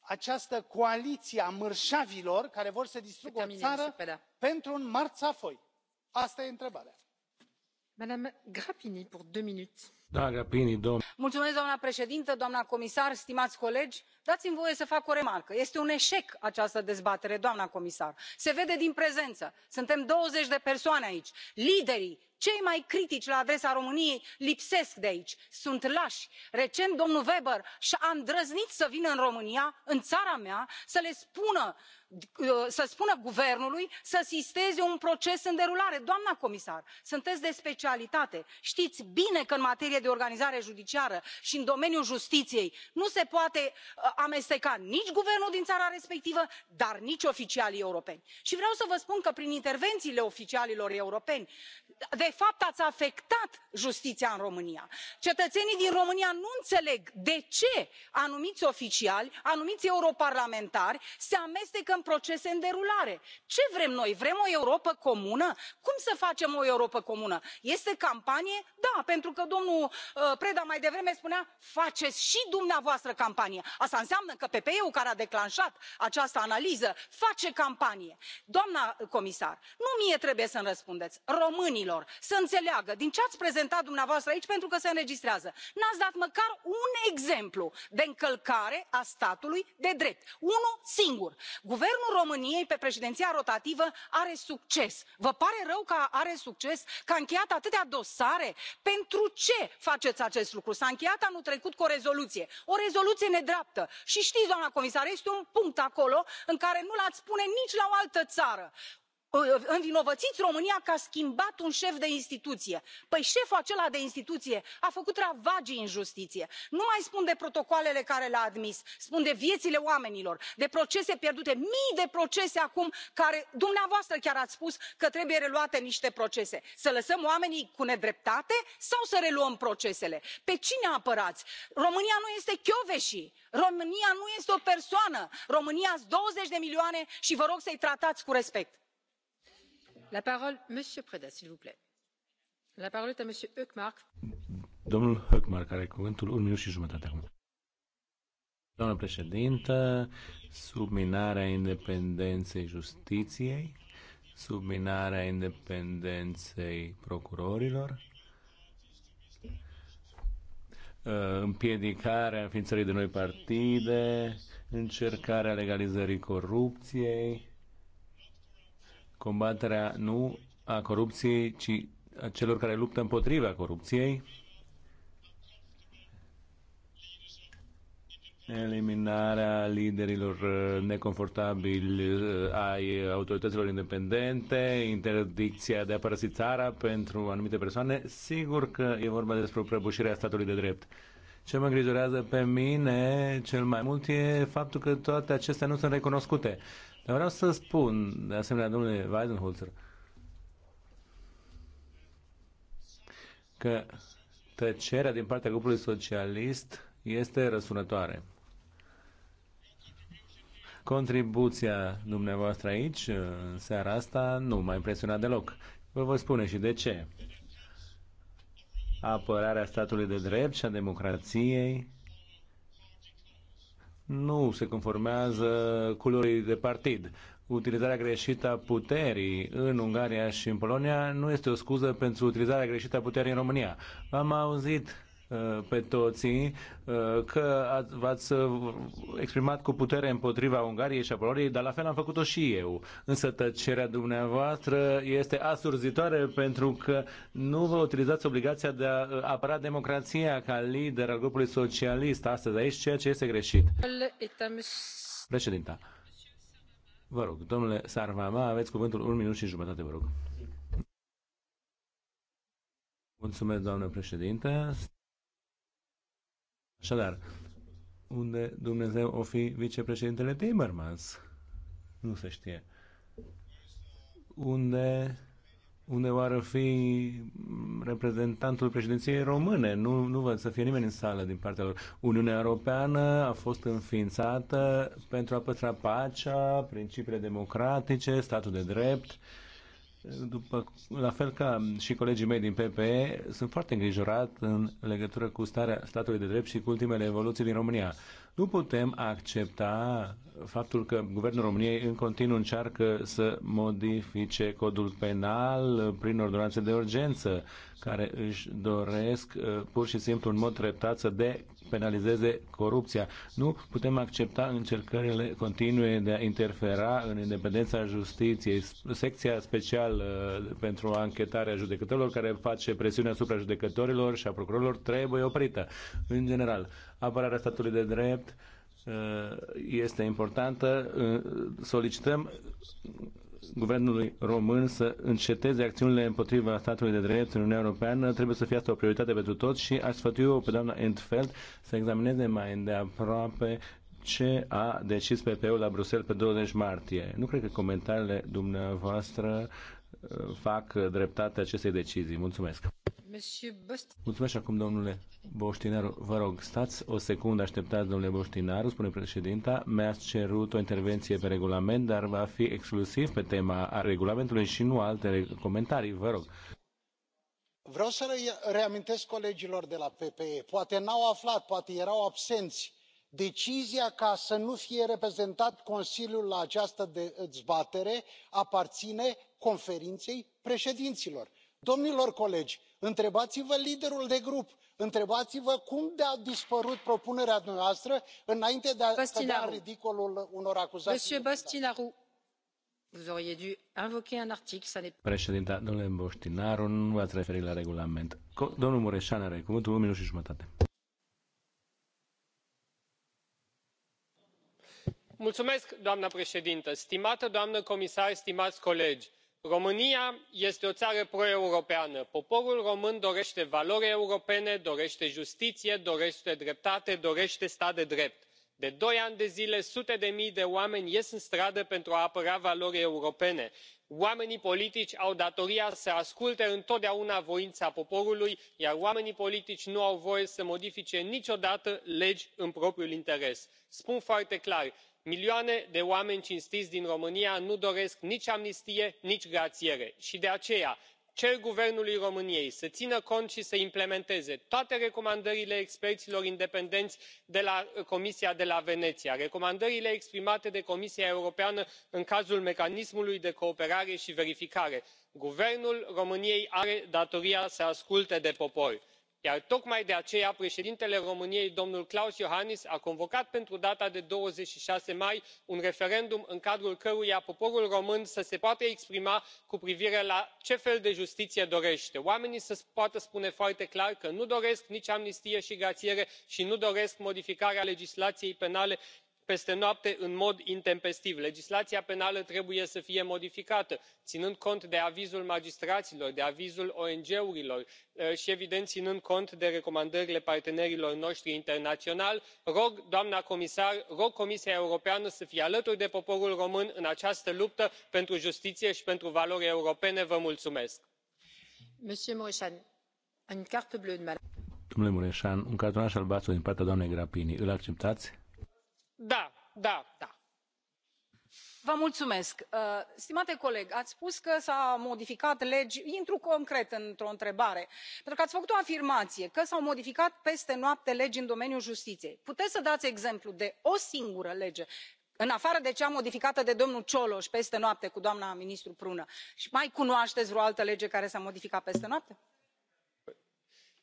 [SPEAKER 12] această coaliție a mărșavilor care vor să distrugă o țară pentru un marțafoi? asta este întrebarea.
[SPEAKER 8] Da, doamnă
[SPEAKER 6] Mulțumesc, președintă, doamnă comisar, stimați colegi. Dați mi voie să fac o remarcă. Este un eșec această dezbatere, doamnă comisar. Se vede din prezență. Suntem 20 de persoane aici. Liderii cei mai critici la adresa româniei lipsesc de aici sunt lași. recent domnul weber a îndrăznit să vină în românia în țara mea să le spună uh, să spună guvernului să sisteze un proces în derulare. doamnă comisar sunteți de specialitate știți bine că în materie de organizare judiciară și în domeniul justiției nu se poate uh, amesteca nici guvernul din țara respectivă dar nici oficialii europeni și vreau să vă spun că prin intervențiile oficialilor europeni de fapt ați afectat justiția în românia. cetățenii din românia nu înțeleg de ce anumiți oficiali anumiți europarlamentari se amestecă în procese în derulare. ce vrem noi vrem o europă comună? cum să facem o europă comună? este campanie da pentru că domnul domnul uh, preda mai devreme spunea faceți și dumneavoastră campanie asta înseamnă că ppe ul care a declanșat această analiză face campanie. doamnă comisar nu mie trebuie să îmi răspundeți românilor să înțeleagă din ce ați prezentat dumneavoastră aici pentru că se înregistrează n ați dat măcar un exemplu de încălcare a statului de drept unul singur. guvernul româniei pe președinția rotativă are succes vă pare rău că are succes că a încheiat atâtea dosare? pentru ce? faceți acest lucru. s a încheiat anul trecut cu o rezoluție o rezoluție nedreaptă și știți doamnă comisar este un punct acolo pe care nu l ați pune nici la o altă țară învinovățiți românia că a schimbat un șef de instituție. păi șeful acela de instituție a făcut ravagii în justiție. nu mai spun de protocoalele pe care le a admis spun de viețile oamenilor de procese pierdute mii de procese acum care dumneavoastră chiar ați spus că trebuie reluate niște procese. să lăsăm oamenii cu nedreptate sau să reluăm procesele? pe cine apărați? românia nu este kvesi românia nu este o persoană românia sunt douăzeci de milioane și vă rog să i tratați cu respect.
[SPEAKER 8] Domnul Doamnă președintă, subminarea independenței justiției, subminarea independenței procurorilor, uh, împiedicarea înființării de noi partide, încercarea legalizării corupției, combaterea nu a corupției, ci a celor care luptă împotriva corupției, eliminarea liderilor neconfortabili eh, ai autorităților independente, interdicția de a părăsi țara pentru anumite persoane, sigur că e vorba despre prăbușirea statului de drept. Ce mă îngrijorează pe mine cel mai mult e faptul că toate acestea nu sunt recunoscute. Dar vreau să spun, de asemenea, domnule Weidenholzer, că tăcerea din partea grupului socialist este răsunătoare. Contribuția dumneavoastră aici, în seara asta, nu m-a impresionat deloc. Vă voi spune și de ce. Apărarea statului de drept și a democrației nu se conformează culorii de partid. Utilizarea greșită a puterii în Ungaria și în Polonia nu este o scuză pentru utilizarea greșită a puterii în România. Am auzit Uh, pe toții uh, că v-ați uh, exprimat cu putere împotriva Ungariei și a Poloniei, dar la fel am făcut-o și eu. Însă tăcerea dumneavoastră este asurzitoare pentru că nu vă utilizați obligația de a apăra democrația ca lider al grupului socialist astăzi aici, ceea ce este greșit. Președinta, vă rog, domnule Sarvama, aveți cuvântul un minut și jumătate, vă rog. Mulțumesc, doamnă președinte. Așadar, unde Dumnezeu o fi vicepreședintele Timmermans? Nu se știe. Unde, unde oară fi reprezentantul președinției române? Nu, nu văd să fie nimeni în sală din partea lor. Uniunea Europeană a fost înființată pentru a păstra pacea, principiile democratice, statul de drept după, la fel ca și colegii mei din PPE, sunt foarte îngrijorat în legătură cu starea statului de drept și cu ultimele evoluții din România. Nu putem accepta faptul că Guvernul României în continuu încearcă să modifice codul penal prin ordonanțe de urgență, care își doresc uh, pur și simplu în mod treptat să depenalizeze corupția. Nu putem accepta încercările continue de a interfera în independența justiției. Secția specială uh, pentru anchetarea judecătorilor care face presiune asupra judecătorilor și a procurorilor trebuie oprită. În general, Apărarea statului de drept uh, este importantă. Uh, solicităm guvernului român să înceteze acțiunile împotriva statului de drept în Uniunea Europeană. Trebuie să fie asta o prioritate pentru toți și aș sfătui pe doamna Entfeld să examineze mai îndeaproape ce a decis PPE-ul la Bruxelles pe 20 martie. Nu cred că comentariile dumneavoastră uh, fac dreptate acestei decizii. Mulțumesc! Mulțumesc acum, domnule Boștinaru. Vă rog, stați o secundă, așteptați, domnule Boștinaru, spune președinta. Mi-ați cerut o intervenție pe regulament, dar va fi exclusiv pe tema regulamentului și nu alte comentarii. Vă rog.
[SPEAKER 7] Vreau să reamintesc colegilor de la PPE, poate n-au aflat, poate erau absenți, decizia ca să nu fie reprezentat consiliul la această dezbatere aparține conferinței președinților. domnilor colegi întrebați vă liderul de grup întrebați vă cum de a dispărut propunerea dumneavoastră înainte de a cădea în ridicolul unor acuzații
[SPEAKER 8] președintă domnule botinaru nu v ați referit la regulament. domnul mureșan are cuvântul un minut și jumătate.
[SPEAKER 13] doamnă președintă stimată doamnă comisar stimați colegi românia este o țară pro europeană poporul român dorește valori europene dorește justiție dorește dreptate dorește stat de drept. de doi ani de zile sute de mii de oameni ies în stradă pentru a apăra valori europene. oamenii politici au datoria să asculte întotdeauna voința poporului iar oamenii politici nu au voie să modifice niciodată legi în propriul interes. spun foarte clar milioane de oameni cinstiți din românia nu doresc nici amnistie nici grațiere și de aceea cer guvernului româniei să țină cont și să implementeze toate recomandările experților independenți de la comisia de la veneția recomandările exprimate de comisia europeană în cazul mecanismului de cooperare și verificare. guvernul româniei are datoria să asculte de popor iar tocmai de aceea președintele româniei domnul Klaus iohannis a convocat pentru data de douăzeci și șase mai un referendum în cadrul căruia poporul român să se poată exprima cu privire la ce fel de justiție dorește oamenii să poată spune foarte clar că nu doresc nici amnistie și grațiere și nu doresc modificarea legislației penale peste noapte în mod intempestiv. legislația penală trebuie să fie modificată ținând cont de avizul magistraților de avizul ong urilor eh, și evident ținând cont de recomandările partenerilor noștri internaționali. rog doamna comisar rog comisia europeană să fie alături de poporul român în această luptă pentru justiție și pentru valori europene. vă mulțumesc.
[SPEAKER 8] domnule mureșan un cartonaș albastru din partea doamnei grapini îl acceptați?
[SPEAKER 6] Da, da. Uh, stimate coleg ați spus că s au modificat legi intru concret într o întrebare pentru că ați făcut o afirmație că s au modificat peste noapte legi în domeniul justiției. puteți să dați exemplu de o singură lege în afară de cea modificată de domnul cioloș peste noapte cu doamna ministru prună și mai cunoașteți vreo altă lege care s a modificat peste noapte?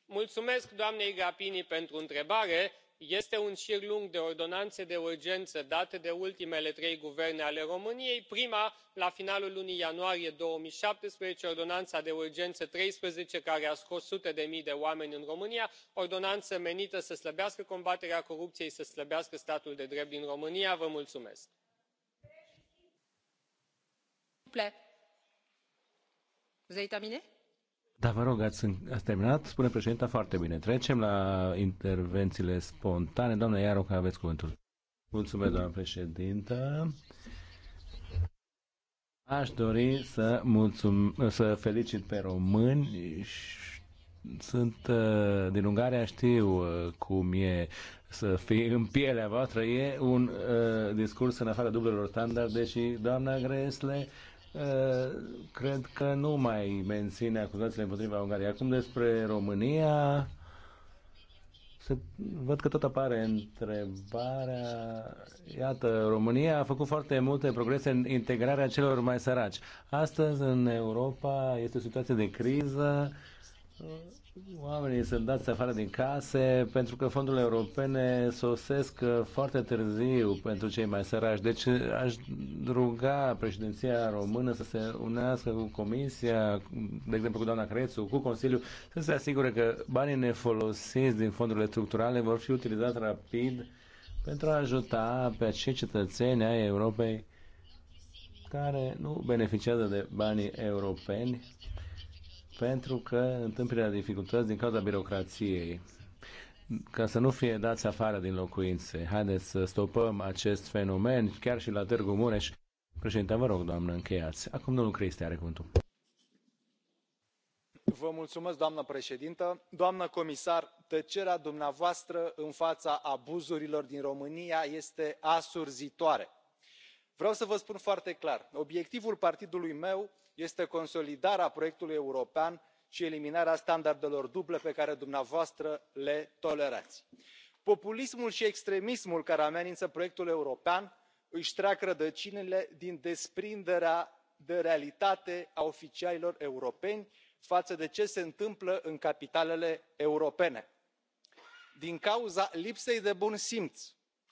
[SPEAKER 13] mulțumesc doamnei grapini pentru întrebare este un șir lung de ordonanțe de urgență date de ultimele trei guverne ale româniei prima la finalul lunii ianuarie două mii șaptesprezece ordonanța de urgență treisprezece care a scos sute de mii de oameni în românia ordonanță menită să slăbească combaterea corupției să slăbească statul de drept din românia. vă mulțumesc.
[SPEAKER 8] Da, vă rog, ați, ați terminat, spune președinta, foarte bine. Trecem la intervențiile spontane. Doamne că aveți cuvântul. Mulțumesc, doamna președintă. Aș dori să, mulțum, să felicit pe români sunt uh, din Ungaria, știu uh, cum e să fii în pielea voastră. E un uh, discurs în afara dublelor standarde și doamna Gresle Uh, cred că nu mai menține acuzațiile împotriva Ungariei. Acum despre România, se, văd că tot apare întrebarea. Iată, România a făcut foarte multe progrese în integrarea celor mai săraci. Astăzi, în Europa, este o situație de criză oamenii sunt dați afară din case pentru că fondurile europene sosesc uh, foarte târziu pentru cei mai sărași. Deci uh, aș ruga președinția română să se unească cu Comisia, de exemplu cu doamna Crețu, cu Consiliul, să se asigure că banii nefolosiți din fondurile structurale vor fi utilizați rapid pentru a ajuta pe acei cetățeni ai Europei care nu beneficiază de banii europeni pentru că întâmpină dificultăți din cauza birocrației. Ca să nu fie dați afară din locuințe, haideți să stopăm acest fenomen chiar și la Târgu Mureș. Președinte, vă rog, doamnă, încheiați. Acum domnul Cristi are cuvântul.
[SPEAKER 4] Vă mulțumesc, doamnă președintă. Doamnă comisar, tăcerea dumneavoastră în fața abuzurilor din România este asurzitoare vreau să vă spun foarte clar obiectivul partidului meu este consolidarea proiectului european și eliminarea standardelor duble pe care dumneavoastră le tolerați. populismul și extremismul care amenință proiectul european își trag rădăcinile din desprinderea de realitate a oficialilor europeni față de ce se întâmplă în capitalele europene. din cauza lipsei de bun simț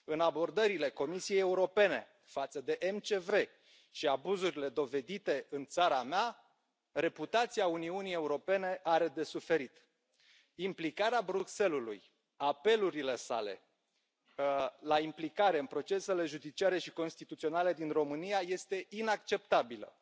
[SPEAKER 4] în abordările comisiei europene față de mcv și abuzurile dovedite în țara mea reputația uniunii europene are de suferit. implicarea bruxelles apelurile sale uh, la implicare în procesele judiciare și constituționale din românia este inacceptabilă.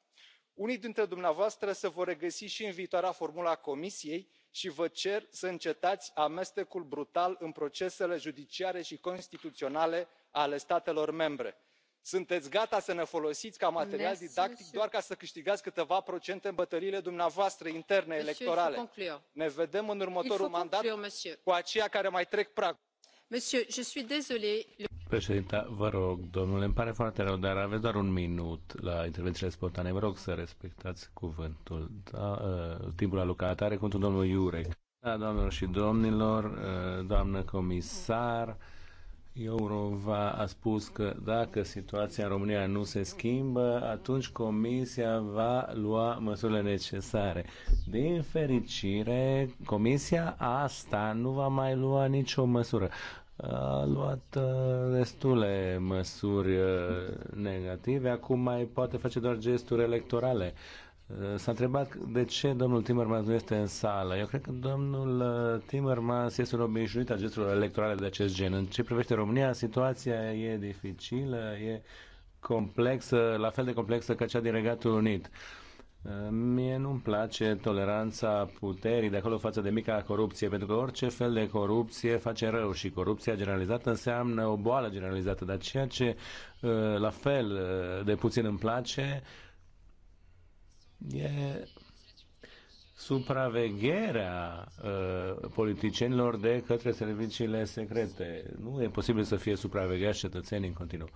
[SPEAKER 4] unii dintre dumneavoastră se vor regăsi și în viitoarea formulă a comisiei și vă cer să încetați amestecul brutal în procesele judiciare și constituționale ale statelor membre sunteți gata să ne folosiți ca material didactic doar ca să câștigați câteva procente în bătăliile dumneavoastră interne deci electorale. ne vedem în următorul mandat cu aceia care mai trec pragul.
[SPEAKER 8] președinta vă rog domnule îmi pare foarte rău dar aveți doar un minut la intervențiile spontane vă rog să respectați cuvântul da? Uh, timpul alocat are cuvântul domnul Iurec. Da, doamnelor și domnilor, uh, doamnă comisar, Iorova a spus că dacă situația în România nu se schimbă, atunci Comisia va lua măsurile necesare. Din fericire, Comisia asta nu va mai lua nicio măsură. A luat destule măsuri negative, acum mai poate face doar gesturi electorale. Eh, s-a întrebat de ce domnul Timmermans nu este în sală. Eu cred că domnul eh, Timmermans este un obișnuit al gesturilor electorale de acest gen. În ce privește România, situația e dificilă, e complexă, la fel de complexă ca cea din Regatul Unit. Eh, mie nu-mi place toleranța puterii de acolo față de mica corupție, pentru că orice fel de corupție face rău și corupția generalizată înseamnă o boală generalizată, dar ceea ce la fel de puțin îmi place e supravegherea uh, politicienilor de către serviciile secrete. Nu e posibil să fie supravegheați cetățenii în continuu.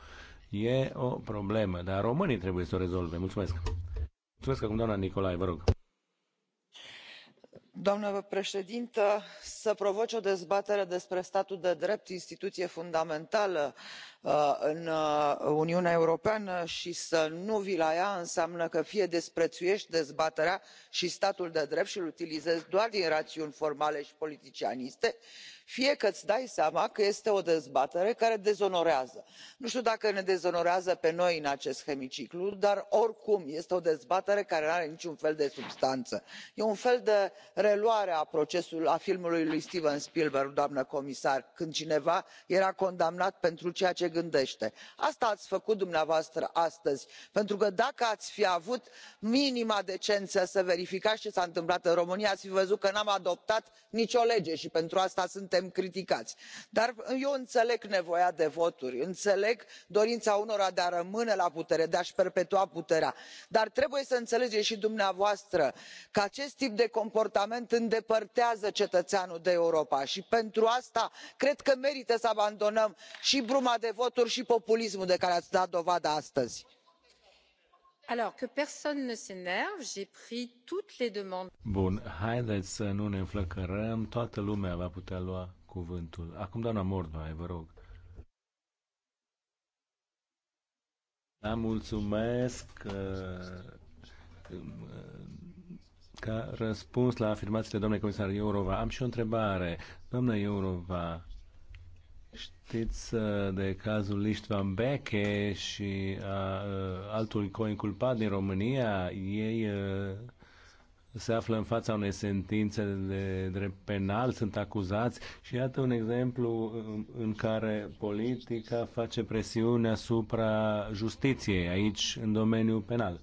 [SPEAKER 8] E o problemă, dar românii trebuie să o rezolve. Mulțumesc. Mulțumesc acum, doamna Nicolae, vă rog.
[SPEAKER 14] Doamnă președintă, să provoci o dezbatere despre statul de drept, instituție fundamentală, Uh, în uh, uniunea europeană și să nu vii la ea înseamnă că fie desprețuiești dezbaterea și statul de drept și îl utilizezi doar din rațiuni formale și politicianiste fie că îți dai seama că este o dezbatere care dezonorează. nu știu dacă ne dezonorează pe noi în acest hemiciclu dar oricum este o dezbatere care nu are niciun fel de substanță. e un fel de reluare a filmului lui steven spielberg doamnă comisar când cineva era condamnat pentru ceea ce gândește. asta ați făcut dumneavoastră astăzi pentru că dacă ați fi avut minima decență să verificați ce s a întâmplat în românia ați fi văzut că nu am adoptat nicio lege și pentru asta suntem criticați. dar eu înțeleg nevoia de voturi înțeleg dorința unora de a rămâne la putere de a și perpetua puterea dar trebuie să înțelegeți și dumneavoastră că acest tip de comportament îndepărtează cetățeanul de europa și pentru asta cred că merită să abandonăm și bruma de voturi și populismul de care ați dat dovadă astăzi.
[SPEAKER 8] Bun, haideți să nu ne înflăcărăm. Toată lumea va putea lua cuvântul. Acum, doamna Mordvai, vă rog. Da, mulțumesc uh, ca răspuns la afirmațiile doamnei comisar Iorova. Am și o întrebare. Doamna Iorova, Știți uh, de cazul Istvan Beche și a uh, uh, altul coinculpat din România, ei se află în fața unei sentințe de drept penal, sunt acuzați și iată un exemplu în care politica face presiune asupra justiției aici în domeniul penal.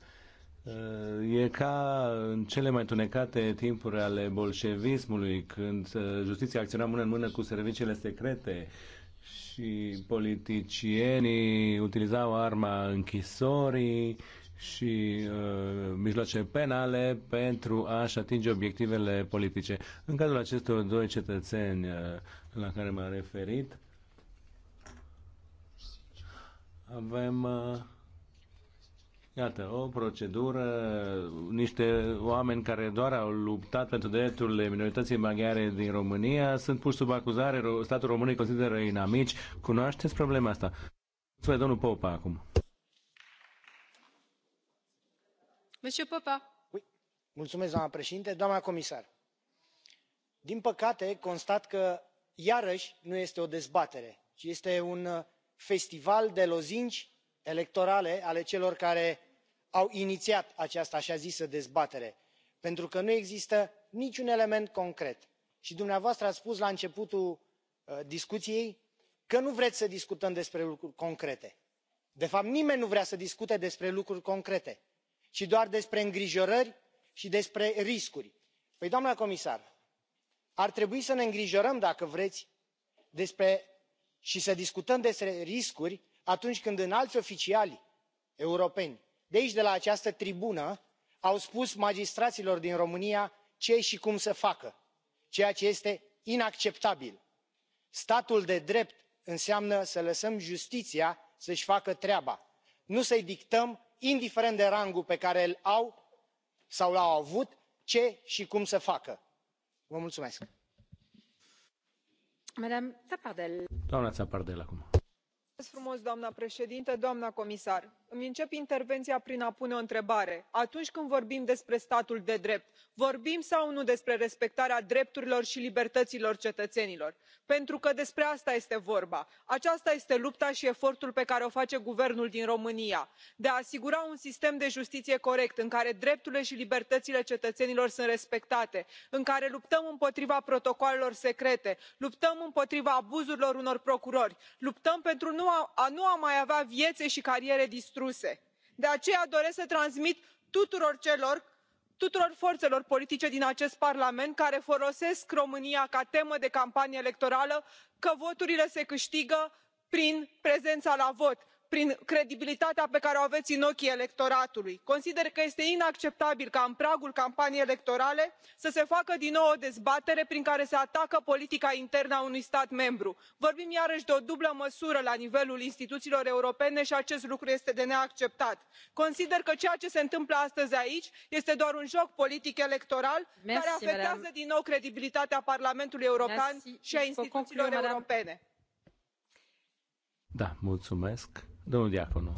[SPEAKER 8] E ca în cele mai tunecate timpuri ale bolșevismului, când justiția acționa mână în mână cu serviciile secrete, și politicienii utilizau arma închisorii și uh, mijloace penale pentru a-și atinge obiectivele politice. În cazul acestor doi cetățeni uh, la care m-am referit, avem uh, Iată, o procedură, niște oameni care doar au luptat pentru drepturile minorității maghiare din România sunt puși sub acuzare, statul român îi consideră inamici. Cunoașteți problema asta? Să domnul Popa, acum.
[SPEAKER 15] Monsieur Popa. Mulțumesc, doamna președinte, doamna comisar. Din păcate, constat că iarăși nu este o dezbatere, ci este un festival de lozinci electorale ale celor care au inițiat această așa zisă dezbatere pentru că nu există niciun element concret și dumneavoastră ați spus la începutul uh, discuției că nu vreți să discutăm despre lucruri concrete. de fapt nimeni nu vrea să discute despre lucruri concrete ci doar despre îngrijorări și despre riscuri. păi doamnă comisar ar trebui să ne îngrijorăm dacă vreți și să discutăm despre riscuri atunci când înalți oficiali europeni de aici de la această tribună au spus magistraților din românia ce și cum să facă ceea ce este inacceptabil. statul de drept înseamnă să lăsăm justiția să își facă treaba nu să i dictăm indiferent de rangul pe care îl au sau l au avut ce și cum să facă. vă mulțumesc.
[SPEAKER 16] doamnă președintă doamnă comisar îmi încep intervenția prin a pune o întrebare atunci când vorbim despre statul de drept vorbim sau nu despre respectarea drepturilor și libertăților cetățenilor? pentru că despre asta este vorba aceasta este lupta și efortul pe care îl face guvernul din românia de a asigura un sistem de justiție corect în care drepturile și libertățile cetățenilor sunt respectate în care luptăm împotriva protocoalelor secrete luptăm împotriva abuzurilor unor procurori luptăm pentru a nu mai avea vieți și cariere distruse distruse. de aceea doresc să transmit tuturor forțelor politice din acest parlament care folosesc românia ca temă de campanie electorală că voturile se câștigă prin prezența la vot prin credibilitatea pe care o aveți în ochii electoratului. consider că este inacceptabil ca în pragul campaniei electorale să se facă din nou o dezbatere prin care se atacă politica internă a unui stat membru. vorbim iarăși de o dublă măsură la nivelul instituțiilor europene și acest lucru este de neacceptat. consider că ceea ce se întâmplă astăzi aici este doar un joc politic electoral care afectează din nou credibilitatea parlamentului european și a instituțiilor europene.
[SPEAKER 8] da mulțumesc. Domnul Diaconu.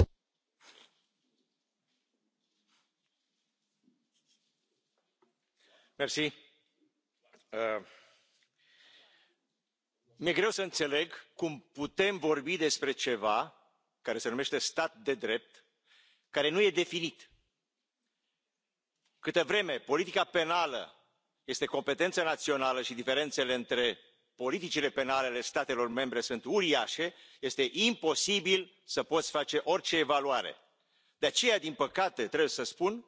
[SPEAKER 17] Mersi. Uh, mi-e greu să înțeleg cum putem vorbi despre ceva care se numește stat de drept care nu e definit. câtă vreme politica penală este competență națională și diferențele între politicile penale ale statelor membre sunt uriașe este imposibil să poți face orice evaluare. de aceea din păcate trebuie să spun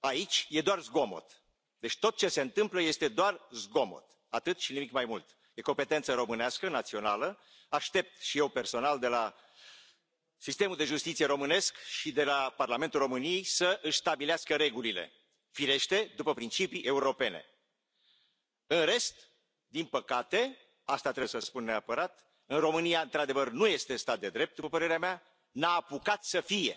[SPEAKER 17] aici e doar zgomot deci tot ce se întâmplă este doar zgomot atât și nimic mai mult. e competență românească națională aștept și eu personal de la sistemul de justiție românesc și de la parlamentul româniei să își stabilească regulile firește după principii europene. în rest din păcate asta trebuie să spun neapărat în românia într adevăr nu este stat de drept după părerea mea n a apucat să fie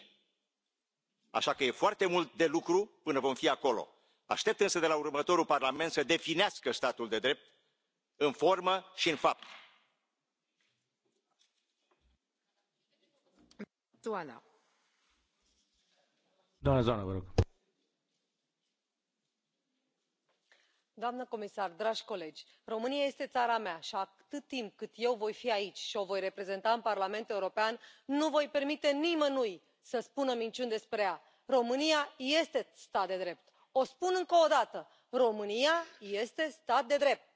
[SPEAKER 17] așa că e foarte mult de lucru până vom fi acolo. aștept însă de la următorul parlament să definească statul de drept în formă și în fapt.
[SPEAKER 8] vă rog.
[SPEAKER 3] doamnă comisar dragi colegi românia este țara mea și atât timp cât eu voi fi aici și o voi reprezenta în parlamentul european nu voi permite nimănui să spună minciuni despre ea. românia este stat de drept. o spun încă o dată românia este stat de drept.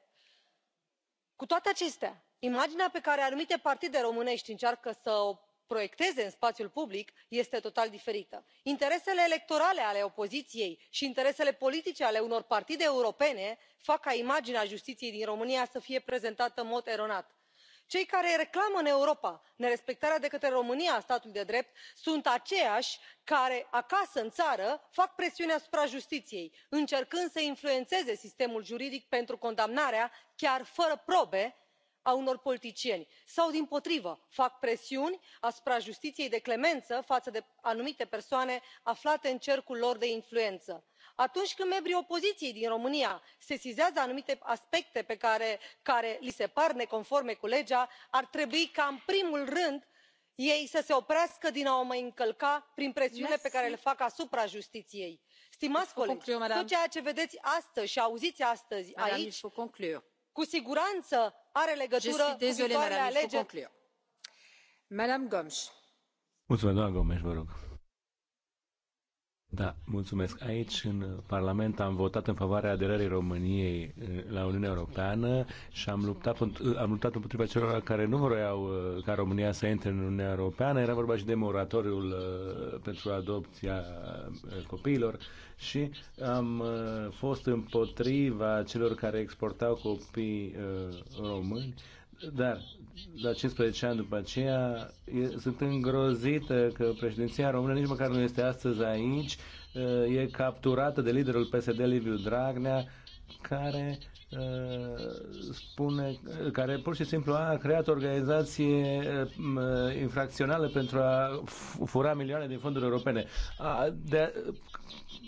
[SPEAKER 3] cu toate acestea imaginea pe care anumite partide românești încearcă să o proiecteze în spațiul public este total diferită. interesele electorale ale opoziției și interesele politice ale unor partide europene fac ca imaginea justiției din românia să fie prezentată în mod eronat. cei care reclamă în europa nerespectarea de către românia a statului de drept sunt aceiași care acasă în țară fac presiuni asupra justiției încercând să influențeze sistemul juridic pentru condamnarea chiar fără probe a unor politicieni sau dimpotrivă fac presiuni asupra justiției de clemență față de anumite persoane aflate în cercul lor de influență. atunci când membrii opoziției din românia sesizează anumite aspecte care li se par neconforme cu legea ar trebui ca în primul rând ei să se oprească din a o mai încălca prin presiunile pe care le fac asupra justiției. stimați colegi tot ceea ce vedeți astăzi și auziți astăzi aici cu siguranță are legătură cu viitoarele alegeri.
[SPEAKER 8] Da, mulțumesc. Aici, în Parlament, am votat în favoarea aderării României eh, la Uniunea Europeană și am luptat, eh, am luptat împotriva celor care nu vroiau eh, ca România să intre în Uniunea Europeană. Era vorba și de moratoriul pentru adopția copiilor și am fost împotriva celor care exportau copii români dar la 15 ani după aceea e, sunt îngrozită că președinția română nici măcar nu este astăzi aici, e capturată de liderul PSD Liviu Dragnea, care spune, care pur și simplu a creat o organizație infracțională pentru a fura milioane din fonduri europene. De,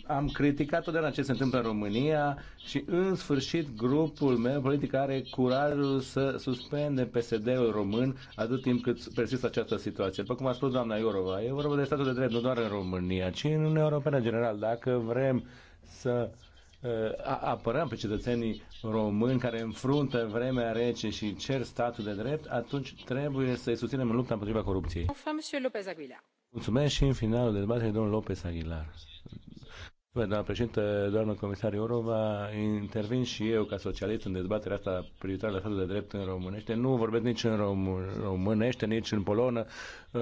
[SPEAKER 8] am criticat totdeauna ce se întâmplă în România și în sfârșit grupul meu politic are curajul să suspende PSD-ul român atât timp cât persistă această situație. După cum a spus doamna Iorova, e vorba de statul de drept, nu doar în România, ci în Uniunea Europeană în general. Dacă vrem să uh, apărăm pe cetățenii români care înfruntă vremea rece și cer statul de drept, atunci trebuie să-i susținem în lupta împotriva corupției. Mulțumesc și în finalul dezbaterii domnul Lopez Aguilar. Păi, doamna președinte, doamnă comisar Iorova, intervin și eu ca socialist în dezbaterea asta privitoare la statul de drept în românește. Nu vorbesc nici în românește, nici în polonă. Uh,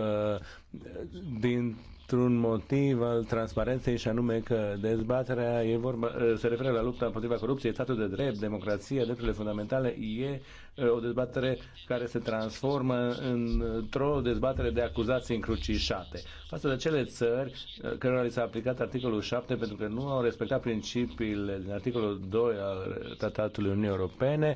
[SPEAKER 8] din dintr-un motiv al transparenței și anume că dezbaterea e vorba, ă, se referă la lupta împotriva corupției, statul de drept, democrație, drepturile fundamentale, e ă, o dezbatere care se transformă într-o dezbatere de acuzații încrucișate. Față de cele țări ă, cărora li s-a aplicat articolul 7 pentru că nu au respectat principiile din articolul 2 al Tratatului Uniunii Europene,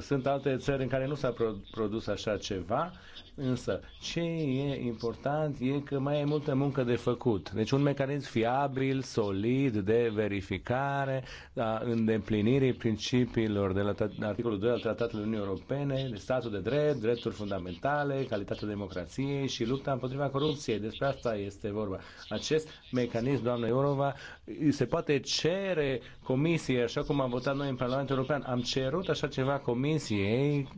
[SPEAKER 8] sunt alte țări în care nu s-a produs așa ceva Însă, ce e important e că mai e multă muncă de făcut. Deci un mecanism fiabil, solid, de verificare a îndeplinirii principiilor de la articolul 2 al Tratatului Uniunii Europene, de statul de drept, drepturi fundamentale, calitatea democrației și lupta împotriva corupției. Despre asta este vorba. Acest mecanism, doamnă Iorova, se poate cere comisiei, așa cum am votat noi în Parlamentul European. Am cerut așa ceva comisiei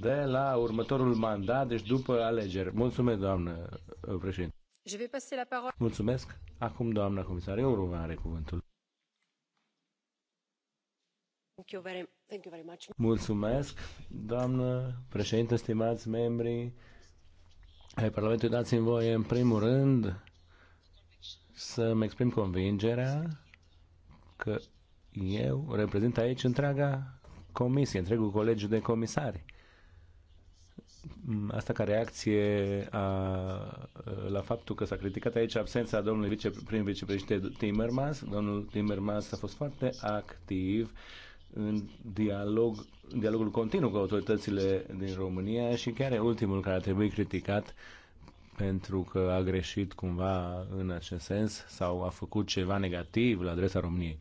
[SPEAKER 8] de la următorul mandat, deci după alegeri. Mulțumesc, doamnă uh, președinte. Mulțumesc. Acum, doamna comisar, eu vă are cuvântul. Mulțumesc, doamnă președinte, stimați membri ai Parlamentului. Dați-mi voie, în primul rând, să-mi exprim convingerea că eu reprezint aici întreaga comisie, întregul colegiu de comisari. Mm, asta ca reacție a, la faptul că s-a criticat aici absența domnului vice, prim vicepreședinte Timmermans. Domnul Timmermans a fost foarte activ în dialog, dialogul continuu cu autoritățile din România și chiar e ultimul care a trebuit criticat pentru că a greșit cumva în acest sens sau a făcut ceva negativ la adresa României.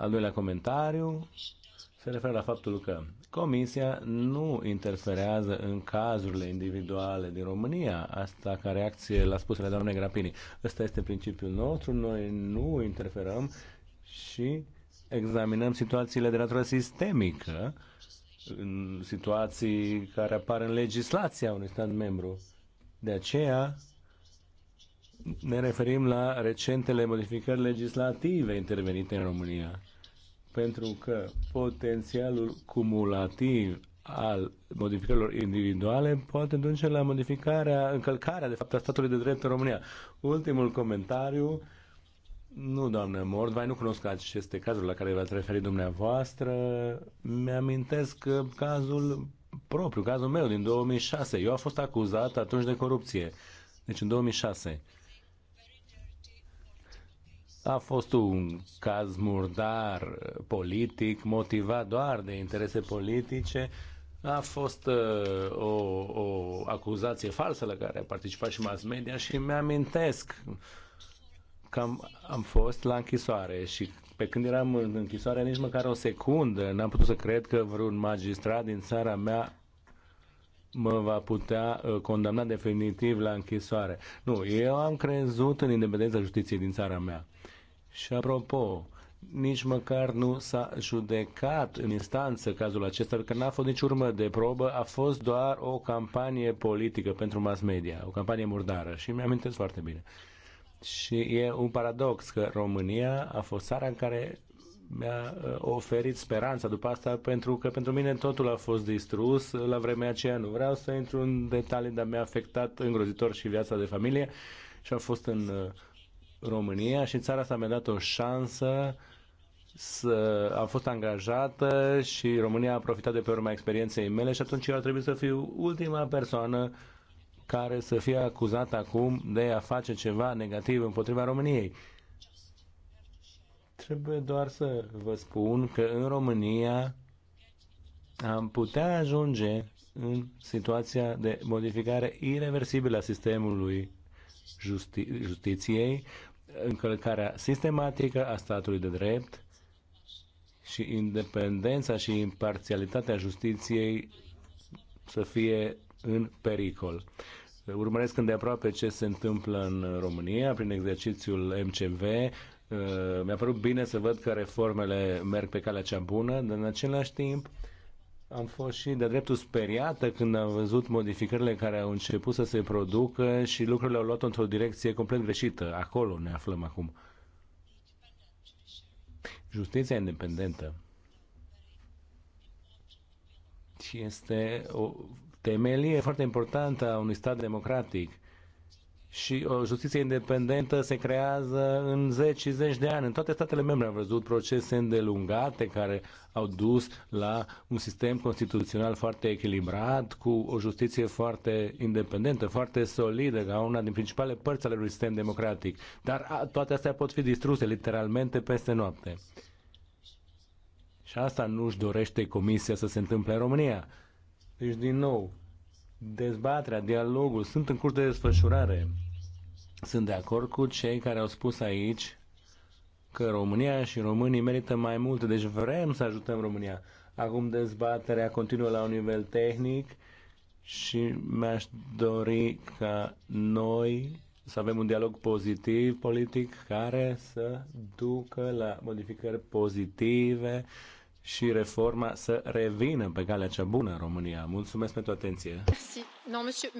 [SPEAKER 8] Al doilea comentariu se referă la faptul că Comisia nu interferează în cazurile individuale din România, asta ca reacție la spusele doamnei Grapini. Ăsta este principiul nostru, noi nu interferăm și examinăm situațiile de natură sistemică, în situații care apar în legislația unui stat membru. De aceea ne referim la recentele modificări legislative intervenite în România pentru că potențialul cumulativ al modificărilor individuale poate duce la modificarea, încălcarea, de fapt, a statului de drept în România. Ultimul comentariu, nu, doamnă Mordvai, nu cunosc aceste cazuri la care v-ați referit dumneavoastră. Mi-amintesc cazul propriu, cazul meu din 2006. Eu am fost acuzat atunci de corupție. Deci în 2006 a fost un caz murdar politic, motivat doar de interese politice, a fost uh, o, o acuzație falsă la care a participat și mass media și mi-amintesc că am, am fost la închisoare și pe când eram în închisoare nici măcar o secundă n-am putut să cred că vreun magistrat din țara mea mă va putea uh, condamna definitiv la închisoare. Nu, eu am crezut în independența justiției din țara mea. Și apropo, nici măcar nu s-a judecat în instanță cazul acesta, că n-a fost nici urmă de probă, a fost doar o campanie politică pentru mass media, o campanie murdară și mi am foarte bine. Și e un paradox că România a fost țara în care mi-a uh, oferit speranța după asta, pentru că pentru mine totul a fost distrus uh, la vremea aceea. Nu vreau să intru în detalii, dar mi-a afectat îngrozitor și viața de familie și a fost în uh, România și țara asta mi-a dat o șansă să, am fost angajată și România a profitat de pe urma experienței mele și atunci eu a trebuit să fiu ultima persoană care să fie acuzată acum de a face ceva negativ împotriva României. Trebuie doar să vă spun că în România am putea ajunge în situația de modificare irreversibilă a sistemului justi- justiției, încălcarea sistematică a statului de drept și independența și imparțialitatea justiției să fie în pericol. Urmăresc îndeaproape ce se întâmplă în România prin exercițiul MCV, Uh, mi-a părut bine să văd că reformele merg pe calea cea bună, dar în același timp am fost și de dreptul speriată când am văzut modificările care au început să se producă și lucrurile au luat într-o direcție complet greșită. Acolo ne aflăm acum. Justiția independentă este o temelie foarte importantă a unui stat democratic și o uh, justiție independentă se creează în zeci și zeci de ani. În toate statele membre am văzut procese îndelungate care au dus la un sistem constituțional foarte echilibrat, cu o justiție foarte independentă, foarte solidă, ca una din principalele părți ale unui sistem democratic. Dar toate astea pot fi distruse literalmente peste noapte. Și asta nu-și dorește Comisia să se întâmple în România. Deci, din nou, dezbaterea, dialogul sunt în curs de desfășurare. Sunt de acord cu cei care au spus aici că România și românii merită mai mult, deci vrem să ajutăm România. Acum dezbaterea continuă la un nivel tehnic și mi-aș dori ca noi să avem un dialog pozitiv politic care să ducă la modificări pozitive și reforma să revină pe calea cea bună în România. Mulțumesc pentru atenție.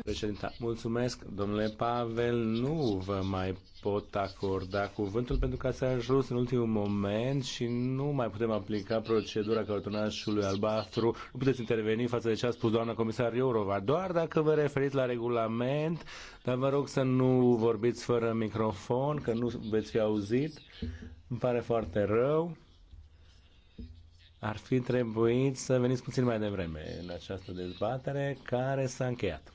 [SPEAKER 8] Președinta, mulțumesc. Domnule Pavel, nu vă mai pot acorda cuvântul pentru că ați ajuns în ultimul moment și nu mai putem aplica procedura cartonașului albastru. Nu puteți interveni față de ce a spus doamna comisar Iorova, doar dacă vă referiți la regulament, dar vă rog să nu vorbiți fără microfon, că nu veți fi auzit. Îmi pare foarte rău ar fi trebuit să veniți puțin mai devreme în această dezbatere care s-a încheiat.